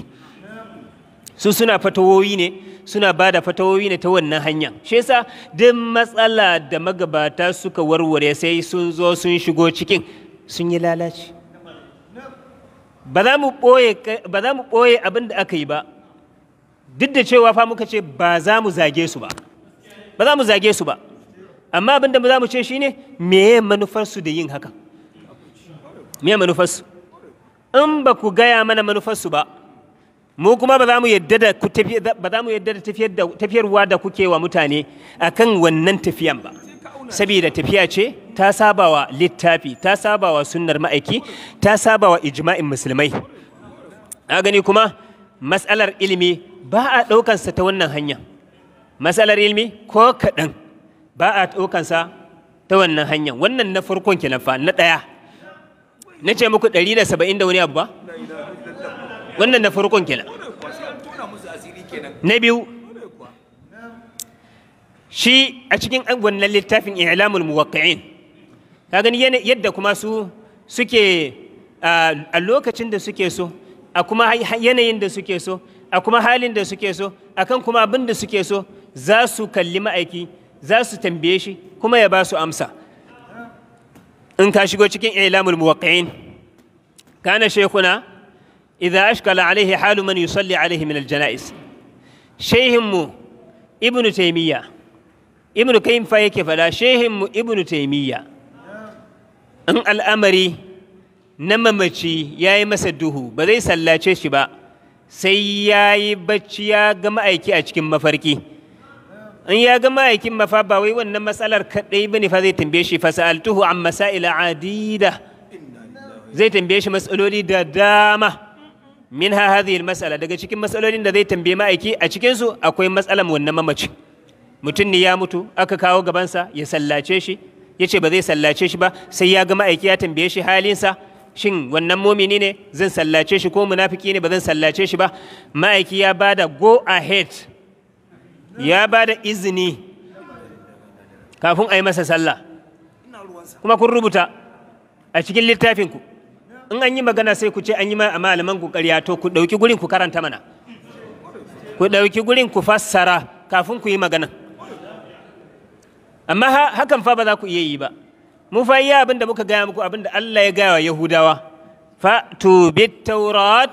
su suna fatawoyi ne suna ba da fatawoyi ne ta wannan hanya shi yasa duk matsala da magabata suka warware sai sun zo sun shigo cikin sun yi lalaci ba za mu ɓoye abin da aka yi ba duk da cewa fa muka ce ba za mu zage su ba ba za mu zage su ba amma abin da za mu ce shi ne meye manufarsu da yin haka meye manufarsu in ba ku gaya mana manufarsu ba mu kuma ba za mu yadda da ba da tafiyarwa da kuke wa mutane akan wannan tafiyan ba saboda tafiya ce ta sabawa littafi ta sabawa sunnar ma'aiki ta sabawa ijma'in musulmai a gani kuma matsalar ilimi ba a ɗaukansa ta wannan hanya matsalar ilimi ko kaɗan ba a ɗaukansa ta wannan hanya wannan na farkon kenan na ɗaya na ce muku ɗari da saba'in da wani abu ba wannan na farkon kenan na biyu shi a cikin wannan littafin i'lamul muwaqqi'in ka gani yadda kuma su suke a lokacin da suke so a kuma yanayin da suke so a kuma halin da suke so akan kuma abin da suke so za su kalli ma'aiki za su tambaye shi kuma ya ba su amsa in ka shigo cikin ilamul muwaqqi'in kana shekuna idza ashkala alaihi halu man salli alaihi min aljanais shehin mu ibnu taymiya ibnu kayyim yake faɗa, shehin mu ibnu taymiya in al'amari na mamaci ya yi masa duhu ba zai sallace shi ba sai ya yi bacci ya ga ma'aiki a cikin mafarki in ya ga ma'aikin mafa ba wai wannan matsalar kaɗai bane fa zai tambaye shi fasa'altuhu an masa'ila adida zai tambaye shi matsaloli da dama minha hadhihi mas'ala daga cikin matsalolin da zai tambaye ma'aiki a cikin su akwai matsalan wannan mamaci mutum ne ya mutu aka kawo gabansa ya sallace shi ya ce ba zai sallace shi ba sai ya ga ma'aiki ya tambaye shi halin sa shin wannan momini ne zan sallace shi ko munafiki ne ba zan sallace shi ba ma'aiki ya ba da go ahead ya ba da izini kafin a yi masa sallah kuma kun rubuta a cikin littafinku in an yi magana sai ku ce an yi ma malaman ku ƙarya to ku ɗauki gurin ku karanta mana ku ɗauki gurin ku fassara kafin ku yi magana amma hakan fa ba za ku iya yi ba mu fa iya abin da muka gaya muku abin da Allah ya gaya wa Yahudawa fa tu bit tawrat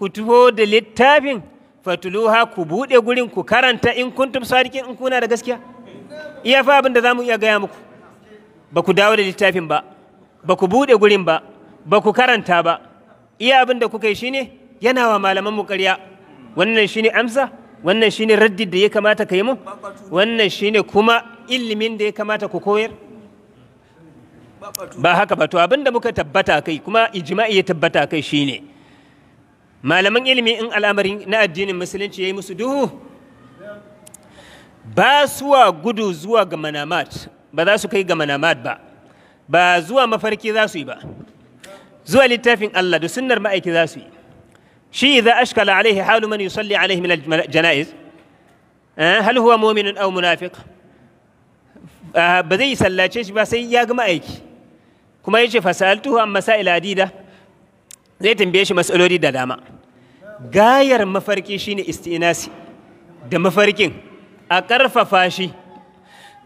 ku tuho da littafin fatuluha ku buɗe gurin ku karanta in kuntum sadiqin in kuna da gaskiya iya fa abin da za mu iya gaya muku ba ku dawo da littafin ba ba ku buɗe gurin ba ba ku karanta ba iya abin da kuka yi shine yana wa malaman mu ƙarya wannan shine amsa wannan shine raddi da ya kamata ka yi mun wannan shine kuma ilimin da ya kamata ku koyar ba haka ba to abin da muka tabbata kai kuma ijma'i ya tabbata kai shine malaman ilimi in al'amarin na addinin musulunci ya yi musu duhu ba suwa gudu zuwa ga manamat ba za su kai ga manamat ba ba zuwa mafarki za su yi ba zuwa littafin Allah da sunnar ma'aiki za su yi shi idza ashkala alaihi halu man salli alaihi min janaiz eh, hal huwa mu'minun aw munafiq ah, ba zai sallace shi ba sai ya ga aiki kuma yace fasaltuhu an masail adida zai tambaye shi mas'aloli da dama gayar mafarki shine istinasi da mafarkin a karfafa shi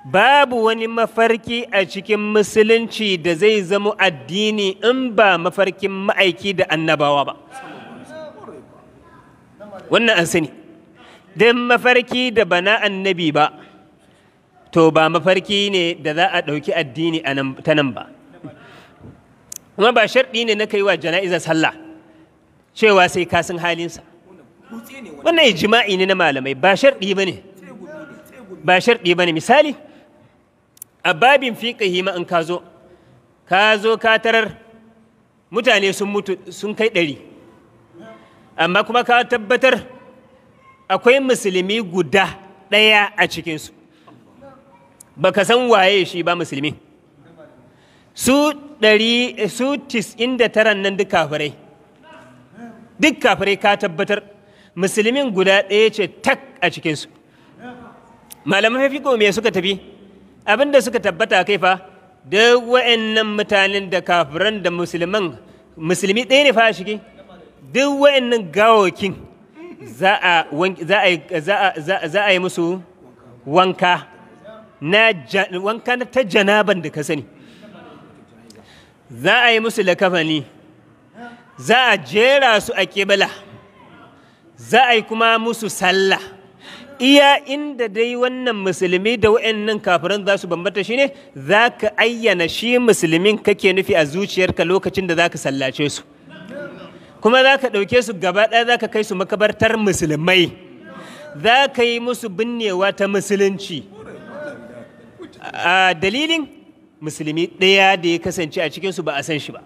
babu wani mafarki a cikin musulunci da zai zama addini in ba mafarkin ma'aiki da annabawa ba wannan an sani don mafarki da bana annabi ba to ba mafarki ne da za a ɗauki addini ta nan ba kuma ba sharɗi ne na kai wa jana'izar sallah cewa sai kasin halinsa wannan jima'i ne na malamai ba sharɗi ba ne ba sharɗi ba ne misali a babin fiƙihi ma in ka zo ka zo ka tarar mutane sun mutu sun kai ɗari amma kuma ka tabbatar akwai musulmi guda ɗaya a cikinsu ba ka san waye shi ba musulmi su ɗari su tis'in da taran nan duk kafirai duk kafirai ka tabbatar musulmin guda ɗaya ce tak a cikinsu malaman fiko me suka tafi abin da suka tabbata kai fa duk wa'annan mutanen da kafiran da musulman musulmi ɗaya ne fa shige duk wa'annan gawokin za a yi musu wanka na wanka ta janaban da ka sani za a yi musu lakafani za a jera su a kebala za a yi kuma musu sallah iya inda dai wannan musulmi da wa'annan kafiran za su bambanta ne. za ka ayyana shi musulmin kake nufi a zuciyarka lokacin da za ka sallace su kuma za ka ɗauke su gaba ɗaya za ka kai su makabartar musulmai za ka yi musu binnewa ta musulunci a dalilin musulmi ɗaya da ya kasance a cikinsu ba a san shi ba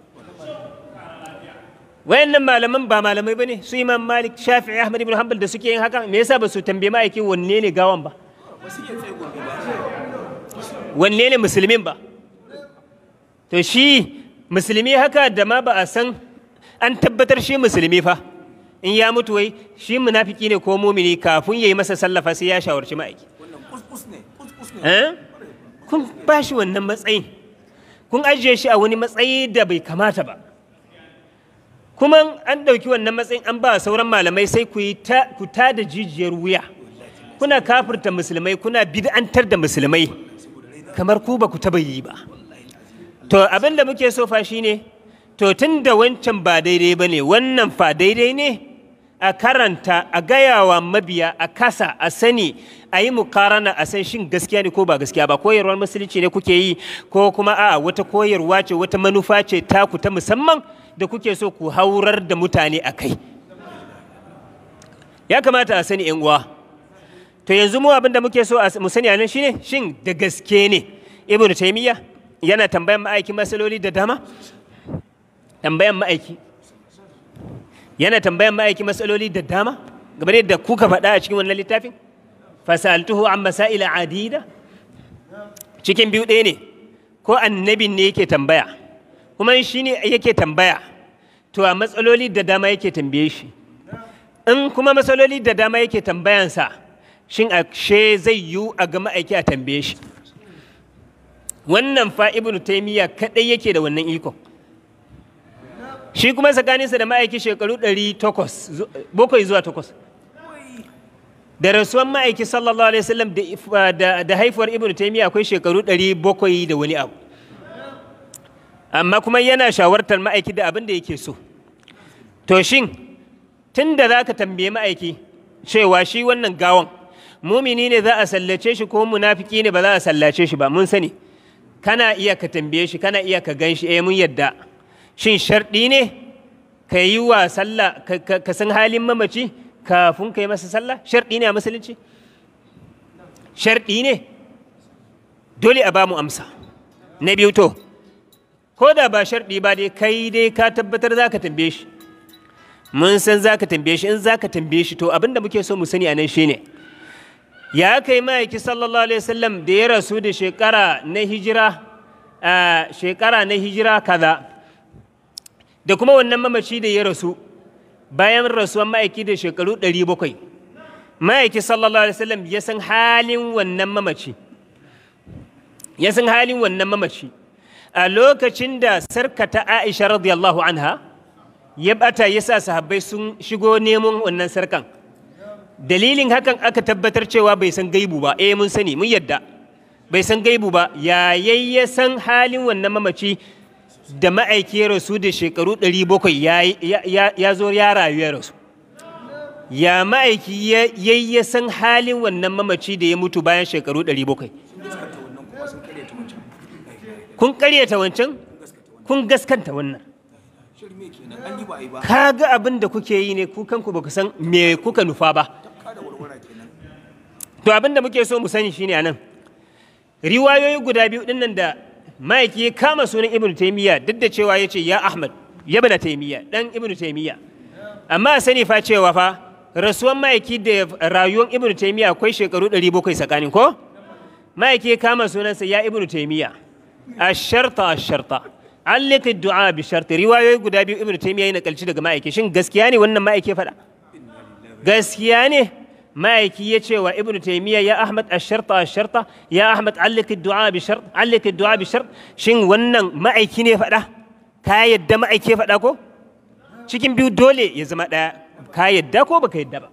wayannan malaman ba malamai bane su imam malik shafi'i ahmad ibn hanbal da suke yin haka me yasa ba su tambaye ma'aiki wanne ne gawan ba wanne ne musulmin ba to shi musulmi haka da ma ba a san an tabbatar shi musulmi fa in ya mutu wai shi munafiki ne ko mumini kafin yayi masa sallafa sai ya shawarci ma'aiki eh? kun ba shi wannan matsayin kun ajiye shi a wani matsayi da bai kamata ba kuma an ɗauki wannan matsayin an ba sauran malamai sai ku ta da jijiyar wuya kuna kafirta musulmai kuna bid'antar da musulmai kamar ku ba ku taba yi ba to abin da muke so fa shine to tun da wancan ba daidai ba ne wannan fa daidai ne a karanta a gayawa mabiya a kasa a sani a yi mukarana a san shin gaskiya ne ko ba gaskiya ba koyarwar musulunci ne kuke yi ko kuma a wata koyarwa ce wata manufa ce taku ta musamman da kuke so ku haurar da mutane a kai ya kamata a sani yan uwa to yanzu mu abin da muke so mu sani anan shine shin da gaske ne ibnu taymiya yana tambayan ma'aiki masaloli da dama tambayan ma'aiki yana tambayan ma'aiki matsaloli da dama game da kuka faɗa a cikin wannan littafin fasaltuhu an masaila adida cikin biyu ɗaya ne ko annabin ne yake tambaya kuma shi ne yake tambaya to a matsaloli da dama yake tambaye shi in kuma matsaloli da dama yake tambayansa shin ashe zai yiwu a ga ma'aiki a tambaye shi wannan fa ibnu taimiyya kaɗai yake da wannan ikon shi kuma tsakaninsa da ma'aiki shekaru 800 zuwa 800 da rasuwan ma'aiki sallallahu alaihi wasallam da uh, haifuwar ibnu taimiyya akwai shekaru 700 bakwai da wani abu amma kuma yana shawartar ma'aiki da abin da yake so to shin tun da za ka tambaye ma'aiki cewa shi wannan gawan mumini ne za a sallace shi ko munafiki ne ba za a sallace shi ba mun sani kana iya ka tambaye shi kana iya ka gan shi eh mun yadda shin sharɗi ne ka yi wa sallah ka san halin mamaci kafin ka yi masa sallah sharɗi ne a musulunci sharɗi ne dole a ba mu amsa na biyu to ko da ba sharɗi ba dai kai dai ka tabbatar za ka tambaye shi mun san za ka tambaye shi in za ka tambaye shi to abinda muke so mu sani a nan shi ne ya kai ma'aiki sallallahu alaihi wasallam da ya rasu da shekara na hijira eh, shekara na hijira kaza da kuma wannan mamaci da ya rasu bayan rasuwan ma'aiki da shekaru ɗari bakwai ma'aiki sallallahu alaihi wasallam ya san halin wannan mamaci ya san halin wannan mamaci a lokacin da sarkata aisha radiyallahu anha ya bata ya sa sahabbai sun shigo neman wannan sarkan dalilin hakan aka tabbatar cewa bai san gaibu ba eh mun sani mun yadda bai san gaibu ba yayayya san halin wannan mamaci da ma'aiki ya rasu da shekaru 700 ya zo ya rayu ya rasu ya ma'aiki ya ya san halin wannan mamaci da ya mutu bayan shekaru 700 kun karyata wancan kun gaskanta wannan ka ga abin da kuke yi ne kukanku ba ku san me kuka nufa ba to abin da muke so mu sani shine anan riwayoyi guda biyu dinnan da ma'aiki ya kama sunan ibnu taimiyya duk da cewa ya ce ya ahmad ya bada taimiyya dan ibnu taimiyya amma sani fa cewa fa rasuwan ma'aiki da rayuwar ibnu taimiyya akwai shekaru 700 tsakanin ko ma'aiki ya kama sunansa ya ibnu taimiyya asharta asharta allika du'a bi sharti riwayoyi guda biyu ibnu taimiyya ya nakalci daga ma'aiki shin gaskiya ne wannan ma'aiki faɗa gaskiya ne ma'aiki ya cewa wa ibnu taimiyya ya ahmad asharta asharta ya ahmad alliki du'a bi shart alliki du'a bi shin wannan ma'aiki ne faɗa ka yadda ma'aiki faɗa ko cikin biyu dole ya zama ɗaya ka yadda ko baka yadda ba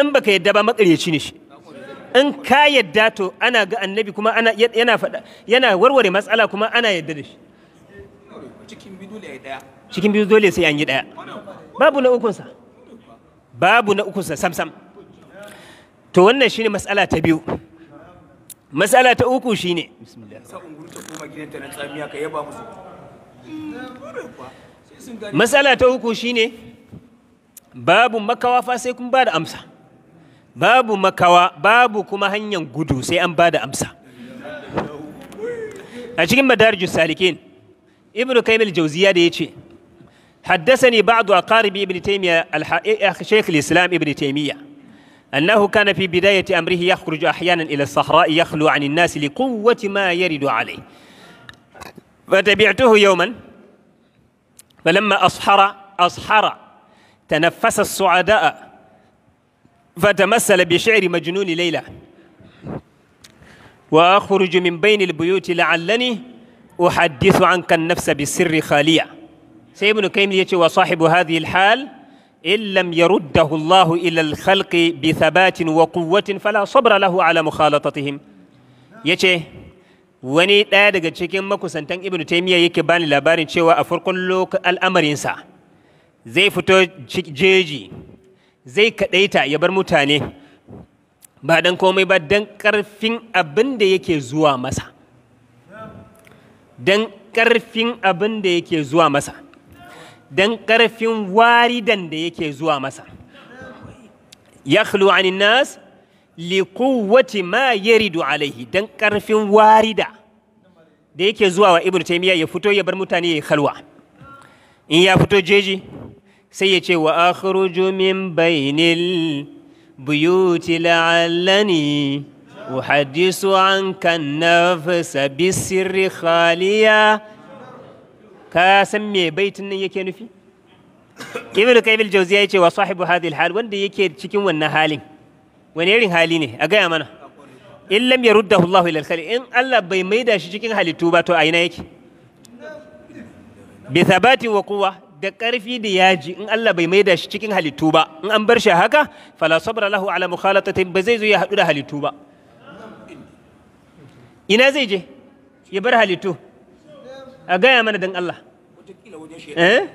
in baka yadda ba makaryaci ne shi in ka yadda to ana ga annabi kuma ana yana faɗa warware matsala kuma ana yadda da shi cikin biyu dole sai an yi ɗaya babu na ukunsa babu na ukunsa samsam to wannan shine matsala ta biyu matsala ta uku shine matsala ta uku shine babu makawa fa sai kun ba da amsa babu makawa babu kuma hanyar gudu sai an ba da amsa a cikin madarijus salikin ibnu kaimil jauziya da ya ce حدثني بعض أقارب ابن تيمية الح... إيه، شيخ الإسلام ابن تيمية أنه كان في بداية أمره يخرج أحيانا إلى الصحراء يخلو عن الناس لقوة ما يرد عليه فتبعته يوما فلما أصحر أصحر تنفس السعداء فتمثل بشعر مجنون ليلى وأخرج من بين البيوت لعلني أحدث عنك النفس بالسر خالية sai ibn kaim ya ce wa sahibu hadhihi alhal in lam yaruddahu Allah ila alkhalqi bi thabatin wa quwwatin fala sabra lahu ala mukhalatatihim yace wani ɗaya daga cikin makusantan ibn taimiyya yake bani labarin cewa a farkon al'amarinsa zai fito jeji zai kaɗaita ya bar mutane ba dan komai ba dan ƙarfin abin da yake zuwa masa dan ƙarfin abin da yake zuwa masa dan karfin wari dan da yake zuwa masa yakhlu anin nas li quwwati ma yaridu alaihi dan karfin wari da da yake zuwa wa ibnu taymiya ya fito ya bar mutane ya khalwa in ya fito jeji sai ya ce wa akhruju min bainil buyuti la'allani uhaddisu anka an-nafsa bisirri khaliya ka san me baitin nan yake nufi ibnu qayyim jawziya yace wa sahibu hadhihi hal wanda yake cikin wannan halin wani irin hali ne a gaya mana in lam yaruddahu Allahu ila al in Allah bai maida shi cikin halittu ba to a ina yake bi thabati wa quwwa da ƙarfi da yaji in Allah bai maida shi cikin halittu ba in an bar shi haka fala sabra lahu ala mukhalatatin ba zai zo ya haɗu da halittu ba ina zai je ya bar halittu a gaya mana don Allah eh?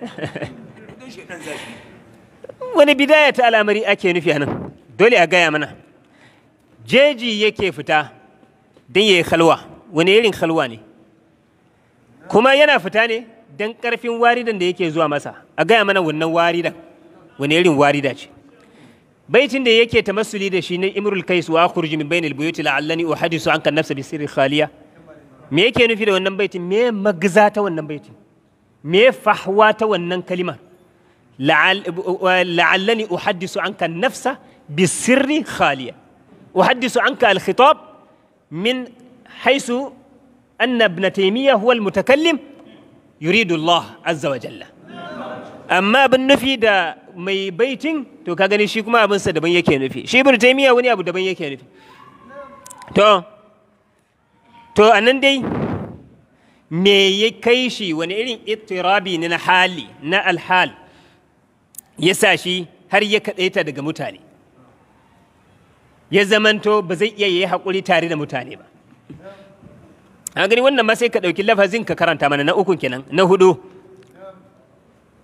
wani bidaya ta al'amari ake nufi nan dole a gaya mana jeji yake fita don ya yi halwa wani irin halwa ne kuma yana fita ne don ƙarfin waridan da yake zuwa masa a gaya mana wannan waridan wani irin warida ce baitin da yake masuli da shi na imrul kais wa akhruj min bainal buyuti la'allani uhadisu anka nafsa bi sirri khaliya me yake nufi da wannan baitin me magza ta wannan baitin me fahwa ta wannan kalimar la'allani uhaddisu anka nafsa bisirri khaliya uhaddisu anka al-khitab min haisu anna ibn taymiya huwa al-mutakallim yuridu Allah azza wa jalla amma bin nufi da mai baitin to ka gani shi kuma abin sa daban yake nufi shi ibn taymiya wani abu daban yake nufi to to a nan dai me ya kai shi wani irin itirabi ne na hali na alhal ya sa shi har ya kaɗaita daga mutane ya zamanto ba zai iya yi haƙuri tare da mutane ba a gani wannan ma sai ka ɗauki lafazin ka karanta mana na ukun kenan na hudu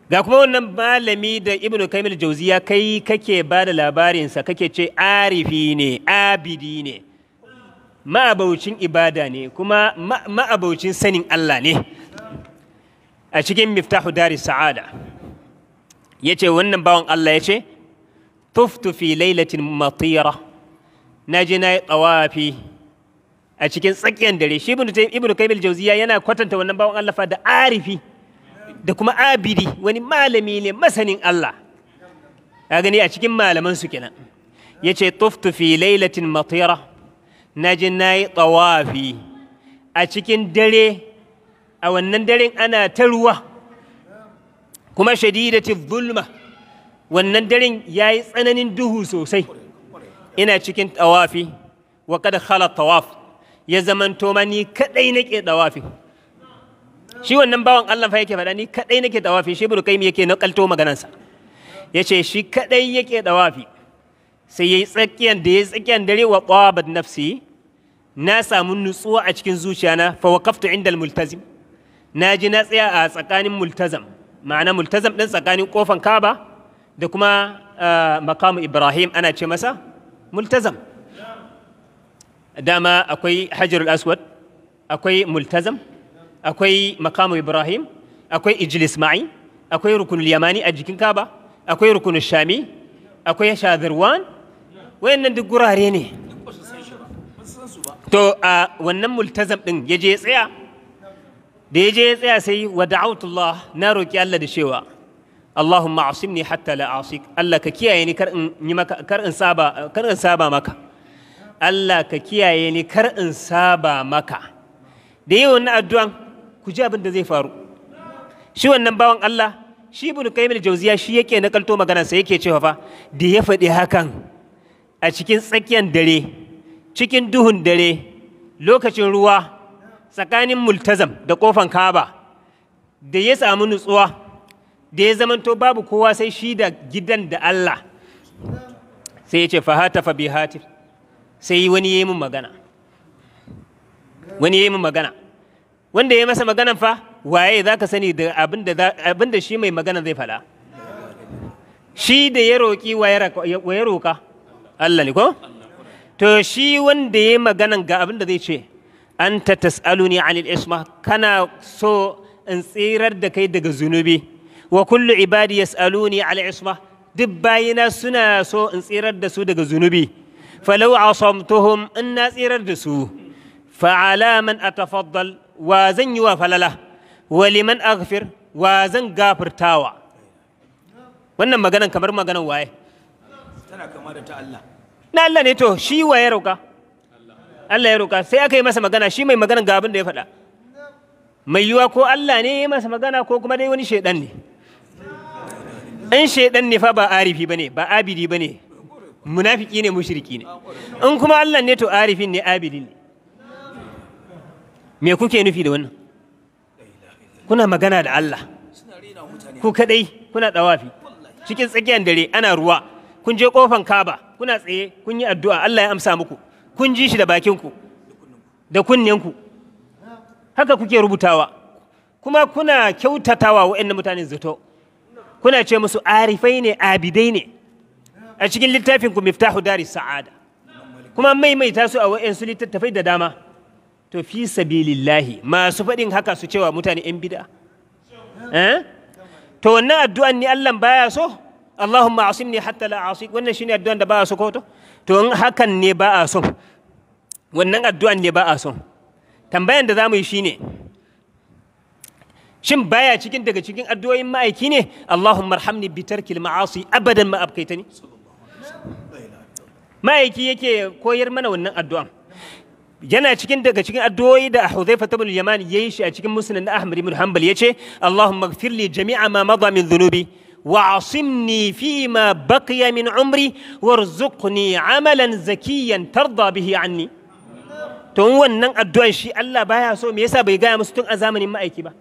ga kuma wannan malami da ibn kaimil jauziya kai kake ba da labarinsa kake ce arifi ne abidi ne ma'abaucin ibada ne kuma ma'abaucin sanin Allah ne a cikin miftahu dari sa'ada ya ce wannan bawan Allah ya ce tuftu fi lailatin matira na je na yi tsawafi a cikin tsakiyar dare shi ibnu kaimil jauziya yana kwatanta wannan bawan Allah fa da arifi da kuma abidi wani malami ne masanin Allah ya gani a cikin malaman su kenan ya ce tuftu fi lailatin matira na ji na yi tsawafi a cikin dare a wannan daren ana ta ruwa kuma shadidati zulma wannan daren ya yi tsananin duhu sosai ina cikin tsawafi wa kada khala tawaf ya zamanto ma ni kadai nake tsawafi shi wannan bawan Allah fa yake faɗa ni kadai nake tsawafi shi burkaim yake nakalto maganansa yace shi kadai yake tsawafi sai yayi tsakiyar da yayi tsakiyar dare wa qabat nafsi na samu nutsuwa a cikin zuciyana fa waqaftu inda multazim na ji na tsaya a tsakanin multazam ma'ana multazam din tsakanin kofan Ka'aba da kuma makamu Ibrahim ana ce masa multazam dama akwai Hajarul Aswad akwai multazam akwai makamu Ibrahim akwai Ijil Ismail akwai rukunul Yamani a jikin Ka'aba akwai rukunul Shami akwai Shadirwan wayannan duk gurare ne to a wannan multazam ɗin ya je ya tsaya da ya je ya tsaya sai wa da'autullah na roƙi Allah da cewa Allahumma asimni hatta la asik Allah ka kiyaye ni kar in maka saba saba maka Allah ka kiyaye ni kar in saba maka da yi wannan addu'an ku ji abin da zai faru shi wannan bawan Allah shi ibn qayyim al-jawziya shi yake nakalto magana sa yake cewa fa da ya faɗi hakan a cikin tsakiyar dare cikin duhun dare lokacin ruwa tsakanin multazam da kofan kaba da ya samu nutsuwa da ya zamanto babu kowa sai shi da gidan da Allah sai ya ce fahata fa bi hatir sai wani ya yi min magana wani ya yi min magana wanda ya masa maganan fa waye za ka sani da abin da shi mai magana zai faɗa shi da ya roƙi wa ya roƙa Allah ne ko? to shi wanda ya yi maganan ga abin da zai ce an ta tas'aluni anil isma kana so in tsirar da kai daga zunubi wa kullu ibadi yas'aluni al isma duk bayina suna so in tsirar da su daga zunubi falau asamtuhum in na tsirar da su fa'ala man a tafaddal wa zan yi wa falala wa liman aghfir wa zan gafartawa wannan maganan kamar maganan waye tana kama da ta Allah na Allah ne to shi wa ya roƙa Allah ya roƙa sai aka yi masa magana shi mai magana ga abin da ya faɗa mai yiwa ko Allah ne ya masa magana ko kuma dai wani shaidan ne in shaidan ne fa ba arifi bane ba abidi bane munafiki ne mushriki ne in kuma Allah ne to arifin ne abidi ne me kuke nufi da wannan kuna magana da Allah ku kadai kuna dawafi cikin tsakiyar dare ana ruwa kun je kofan kaba kuna tsaye kun yi addu'a Allah ya amsa muku kun ji shi da bakin ku da kunninku haka kuke rubutawa kuma kuna kyautatawa waɗannan mutanen zato kuna ce musu arifai ne abidai ne a cikin littafin ku miftahu dari sa'ada kuma maimaita su a waɗansu littattafai da dama to fi sabilillahi masu faɗin haka su cewa mutane 'yan bida eh? to wannan addu'an ni Allah baya so Allahumma asimni hatta la asik wannan shine addu'an da ba a so ko to to hakan ne ba a so wannan addu'an ne ba a so tambayan da mu yi shine shin baya cikin daga cikin addu'o'in ma'aiki ne Allahumma arhamni bi tarkil ma'asi abadan ma abkaitani ma'aiki yake koyar mana wannan addu'an yana cikin daga cikin addu'o'i da Hudhaifa ibn Yaman yayi shi a cikin Musnad Ahmad ibn Hanbal yace Allahumma ighfir jami'a ma madha min dhunubi وعصمني فيما بقي من عمري وارزقني عملا زكيا ترضى به عني tun wannan addu'an shi Allah baya so me yasa bai gaya musu tun a zamanin ma'aiki ba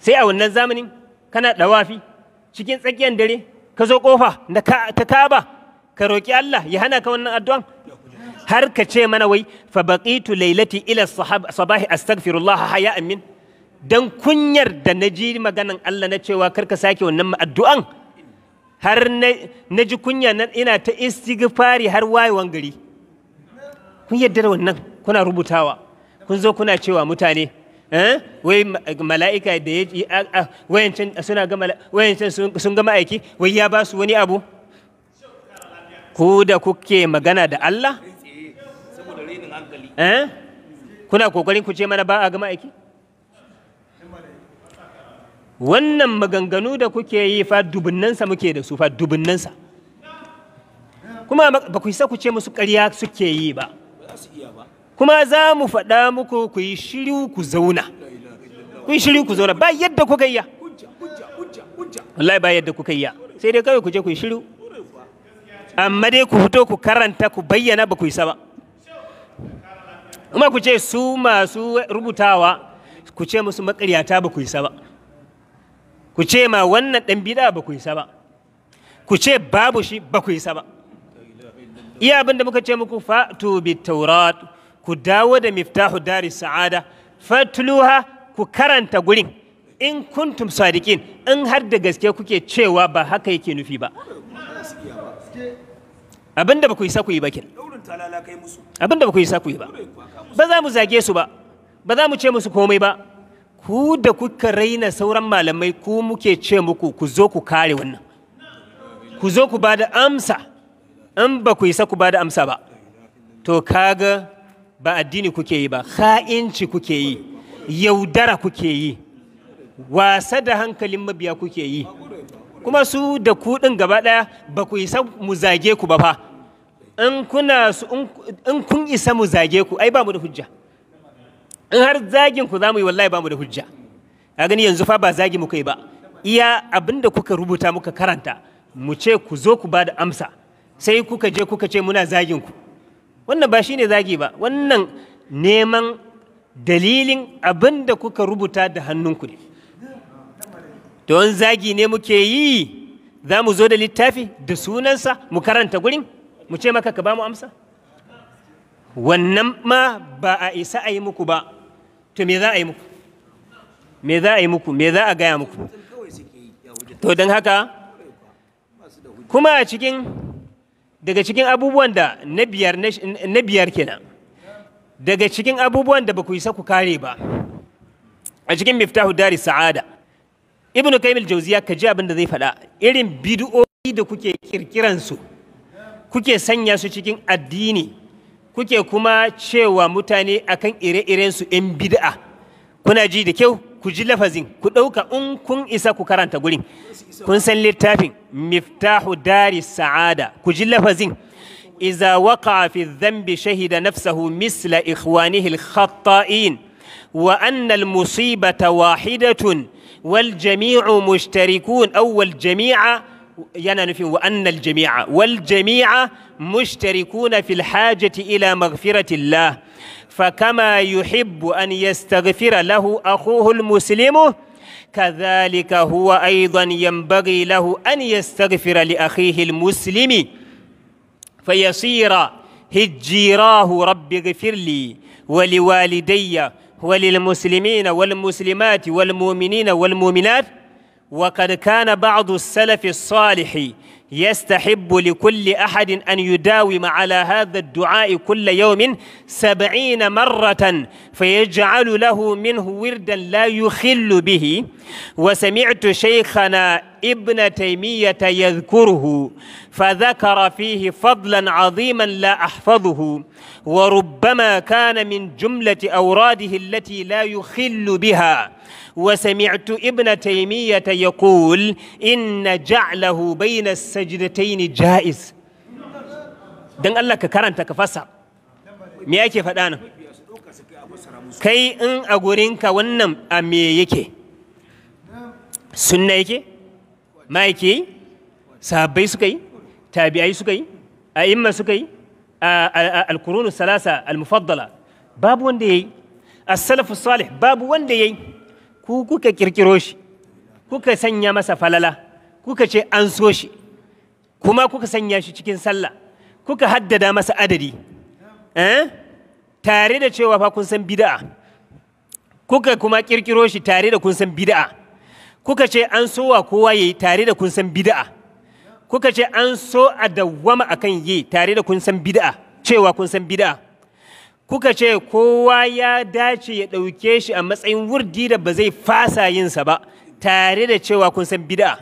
sai a wannan zamanin kana dawafi cikin tsakiyar dare ka zo kofa ta kaba ka roki Allah ya hana ka wannan addu'an har ka ce mana wai fa baqitu lailati ila sabahi astaghfirullah haya amin don kunyar da na ji maganan Allah na cewa karka sake wannan addu'an har na ji kunya ina ta istighfari har wayewan gari kun yadda da wannan kuna rubutawa kun zo kuna cewa mutane eh, wai mala'ika da ya ji wayancin sun gama aiki? wai ya ba su wani abu ku da kuke magana da Allah eh, eh, kuna kokarin ku ce mana ba a gama aiki? wannan maganganu da kuke yi fa dubunnansa muke da su fa dubunnansa kuma ba ku isa ku ce musu ƙarya suke yi ba kuma za mu faɗa muku ku yi shiru ku zauna ku yi shiru ku zauna ba yadda kuka yi wallahi ba yadda kuka yi sai dai kawai ku je ku yi shiru amma dai ku fito ku karanta ku bayyana ba ku isa ba kuma ku ce su masu rubutawa ku ce musu maƙaryata ba ku isa ba ku ce ma wannan ɗan bida ba ku yi ba ku ce babu shi ba ku yi ba iya abin da muka ce muku fa'tu bi taurat ku dawo da miftahu dari sa'ada fatuluha ku karanta gurin in kuntum sadiqin in har da gaske kuke cewa ba haka yake nufi ba abin da ba ku yi saku yi ba kin abin da ba ku yi saku yi ba ba za mu zage su ba ba za mu ce musu komai ba ku da kuka raina sauran malamai ku muke ce muku ku zo ku kare wannan ku zo ku ba da amsa in ba ku isa ku ba da amsa ba to kaga ba addini kuke yi ba ha'inci kuke yi yaudara kuke yi wasa da hankalin mabiya kuke yi kuma su da ku ɗin gaba ɗaya ba ku isa mu zage ku ba fa in kun isa mu zage ku ai ba mu da hujja in har zagin ku zamu yi wallahi bamu da hujja ka gani yanzu fa ba zagi mu kai ba iya abinda kuka rubuta muka karanta mu ce ku zo ku ba da amsa sai kuka je kuka ce muna zagin ku wannan ba shine zagi ba wannan neman dalilin abinda kuka rubuta da hannunku ne don zagi ne muke yi za mu zo da littafi da sunansa mu karanta gurin mu ce maka ka ba mu amsa wannan ma ba a isa a yi muku ba to me za a yi muku me za a yi muku me za a gaya muku to don haka kuma a cikin daga cikin abubuwan da na biyar kenan daga cikin abubuwan da ba ku isa ku kare ba a cikin miftahu dari sa'ada ibnu kaimil jauziya ka ji abin da zai faɗa irin bid'o'i da kuke kirkiransu kuke sanya su cikin addini kuke kuma cewa mutane akan ire-irensu 'yan bid'a kuna ji da kyau ku ji lafazin ku ɗauka in kun isa ku karanta gurin kun san littafin miftahu dari sa'ada ku ji lafazin iza waka fi shahida nafsahu misla ikhwanihi khatta'in wa annal musibata wahidatun wal jami'u mushtarikun aw wal jami'a ينفي وأن الجميع والجميع مشتركون في الحاجة إلى مغفرة الله فكما يحب أن يستغفر له أخوه المسلم كذلك هو أيضا ينبغي له أن يستغفر لأخيه المسلم فيصير هجيراه رب اغفر لي ولوالدي وللمسلمين والمسلمات والمؤمنين والمؤمنات وقد كان بعض السلف الصالح يستحب لكل أحد أن يداوم على هذا الدعاء كل يوم سبعين مرة فيجعل له منه وردا لا يخل به وسمعت شيخنا ابن تيمية يذكره فذكر فيه فضلا عظيما لا أحفظه وربما كان من جملة أوراده التي لا يخل بها وسمعت ابن تيمية يقول إن جعله بين السجدتين جائز دن الله ka كفسر me yake faɗa nan kai in a gurinka wannan a me yake sunna yake ma yake yi sahabbai suka yi tabi'ai suka a imma suka yi alkurunu salasa babu wanda ya yi salafu salih babu wanda ya yi ku kuka kirkiro shi kuka sanya masa falala kuka ce an so shi kuma kuka sanya shi cikin sallah kuka haddada masa adadi eh? tare da cewa fa kun san bid'a kuka kuma kirkiro shi tare da kun san bid'a kuka ce an so wa kowa yayi tare da kun san bid'a kuka ce an so a dawwama akan yi tare da kun san bid'a cewa kun san bid'a kuka ce kowa ya dace ya ɗauke shi a matsayin wurdi da ba zai fasa yinsa ba tare da cewa kun san bid'a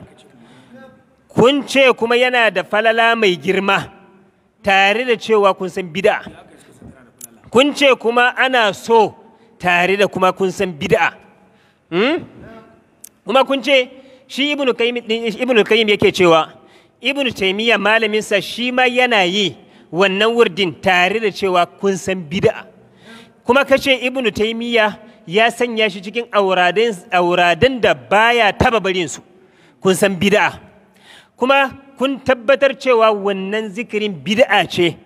kun ce kuma yana da falala mai girma tare da cewa kun san bid'a kun ce kuma ana so tare da kuma kun san bid'a hmm? kuma kun ce shi ibn kayyim yake cewa Ibn taymiya malamin sa shi ma yana yi wannan wurdin tare da cewa kun san bid'a kuma kace ibnu taimiyya ya sanya shi cikin auradan da baya taba barin su kun san bid'a kuma kun tabbatar cewa wannan zikirin bid'a ce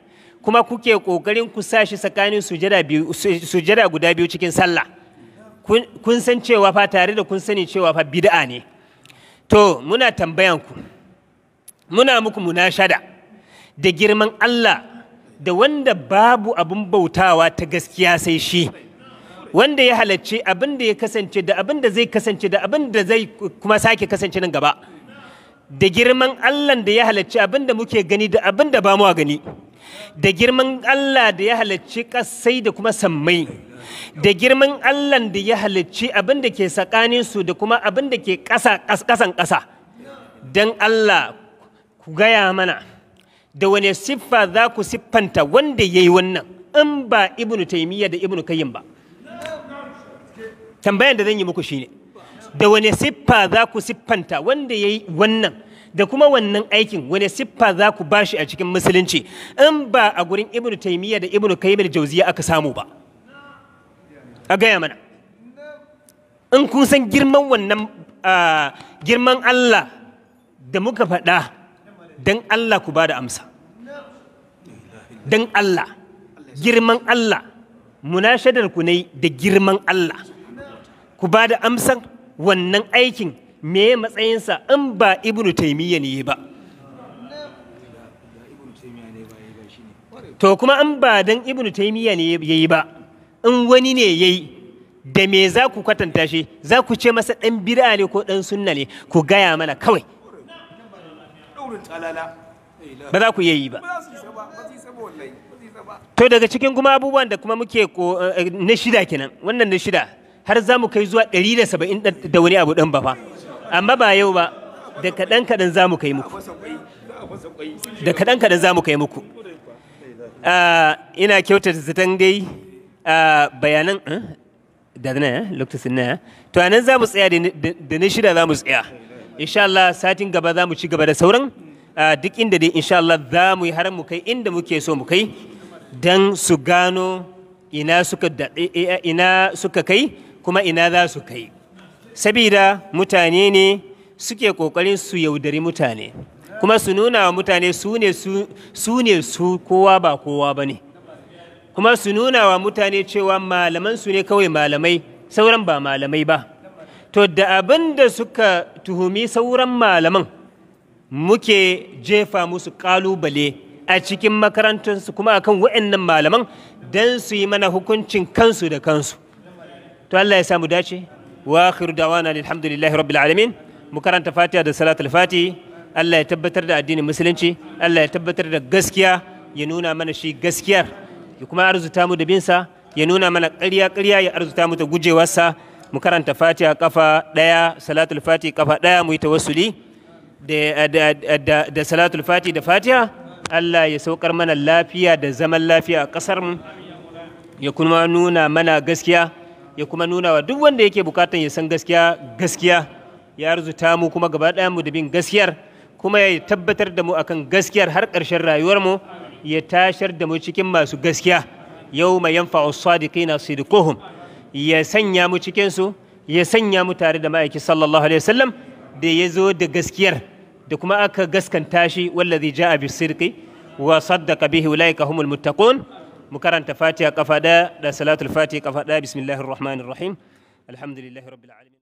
kuma kuke ƙoƙarin ku sa shi tsakanin sujada guda biyu cikin sallah kun san cewa fa tare da kun sani cewa fa bid'a ne to muna tambayan muna muku munashada da girman Allah da wanda babu abin bautawa ta gaskiya sai shi wanda ya halarci abin da ya kasance da abin da zai kasance da abin da zai kuma sake kasance nan gaba da girman Allah da ya halarci abin da muke gani da abin da ba mu gani da girman Allah da ya halarci kasai da kuma sammai da girman Allah da ya halarci abin da ke tsakaninsu da kuma abin da ke ƙasa ƙasan ƙasa don Allah ku gaya mana da wani siffa za ku siffanta wanda ya yi wannan in ba ibnu taimiyya da ibnu kayyim ba tambayan da zan yi muku shine da wani siffa za ku siffanta wanda ya yi wannan da kuma wannan aikin wani siffa za ku bashi a cikin musulunci in ba a gurin ibnu taimiyya da ibnu kayyim da jauziya aka samu ba a gaya mana in kun san girman wannan ah, girman Allah da muka faɗa Dan Allah ku ba da amsa don Allah girman Allah munashadar ku ne da girman Allah ku ba da amsan wannan aikin me matsayinsa in ba ibnu taimiyya ne ba to kuma an ba dan ibnu taimiyya ne yayi ba in wani ne yayi da me za ku kwatanta shi za ku ce masa ɗan bid'a ne ko ɗan sunna ne ku gaya mana kawai Eh, ba za ku iya yi ba to daga cikin kuma abubuwan da kuma muke eh, eh, na shida kenan wannan na shida har za mu kai zuwa 170 da wani abu ɗan ba fa amma ba yau ba da kaɗan kaɗan za mu kai muku da kaɗan kaɗan za mu kai muku ah, ina kyautata zaton dai ah, bayanan da na lokacin na to anan za mu tsaya da na shida za mu tsaya insha Allah satin gaba za mu ci gaba da sauran ah, duk inda dai insha Allah za mu yi har mu kai inda muke so mu kai dan su gano ina suka eh, eh, ina suka kai kuma ina za su kai sabida mutane ne suke kokarin su yaudari mutane kuma su nuna wa mutane su ne su kowa ba kowa ba ne kuma su nuna wa mutane cewa malaman su ne kawai malamai sauran ba malamai ba to da abin da suka tuhumi sauran malaman muke jefa musu ƙalubale a cikin makarantunsu kuma akan waɗannan malaman don su yi mana hukuncin kansu da kansu to Allah ya samu dace wa akhiru dawana alhamdulillahi rabbil alamin mu karanta fatiha da salatul fati Allah ya tabbatar da addinin musulunci Allah ya tabbatar da gaskiya ya nuna mana shi gaskiyar ya kuma arzuta mu da binsa ya nuna mana ƙarya ƙarya ya arzuta mu da gujewarsa mu karanta fatiha kafa ɗaya salatul fati kafa ɗaya mu yi tawassuli da da salatul fati da fatiha Allah ya saukar mana lafiya da zaman lafiya a ƙasar mu ya kuma nuna mana gaskiya ya kuma nuna wa duk wanda yake bukatan ya san gaskiya gaskiya ya arzuta mu kuma gaba ɗaya mu da bin gaskiyar kuma ya tabbatar da mu akan gaskiyar har ƙarshen rayuwar mu ya tashar da mu cikin masu gaskiya yau mai yanfa'u sadiqina sidquhum ya sanya mu cikinsu ya sanya mu tare da ma'aiki sallallahu alaihi wasallam da ya zo da gaskiyar da kuma aka gaskanta shi wallazi ja'a bi sirqi wa saddaqa bihi ulaika humul muttaqun mu karanta fatiha kafa da salatul fatiha kafa da bismillahir rahmanir rahim alhamdulillahi rabbil alamin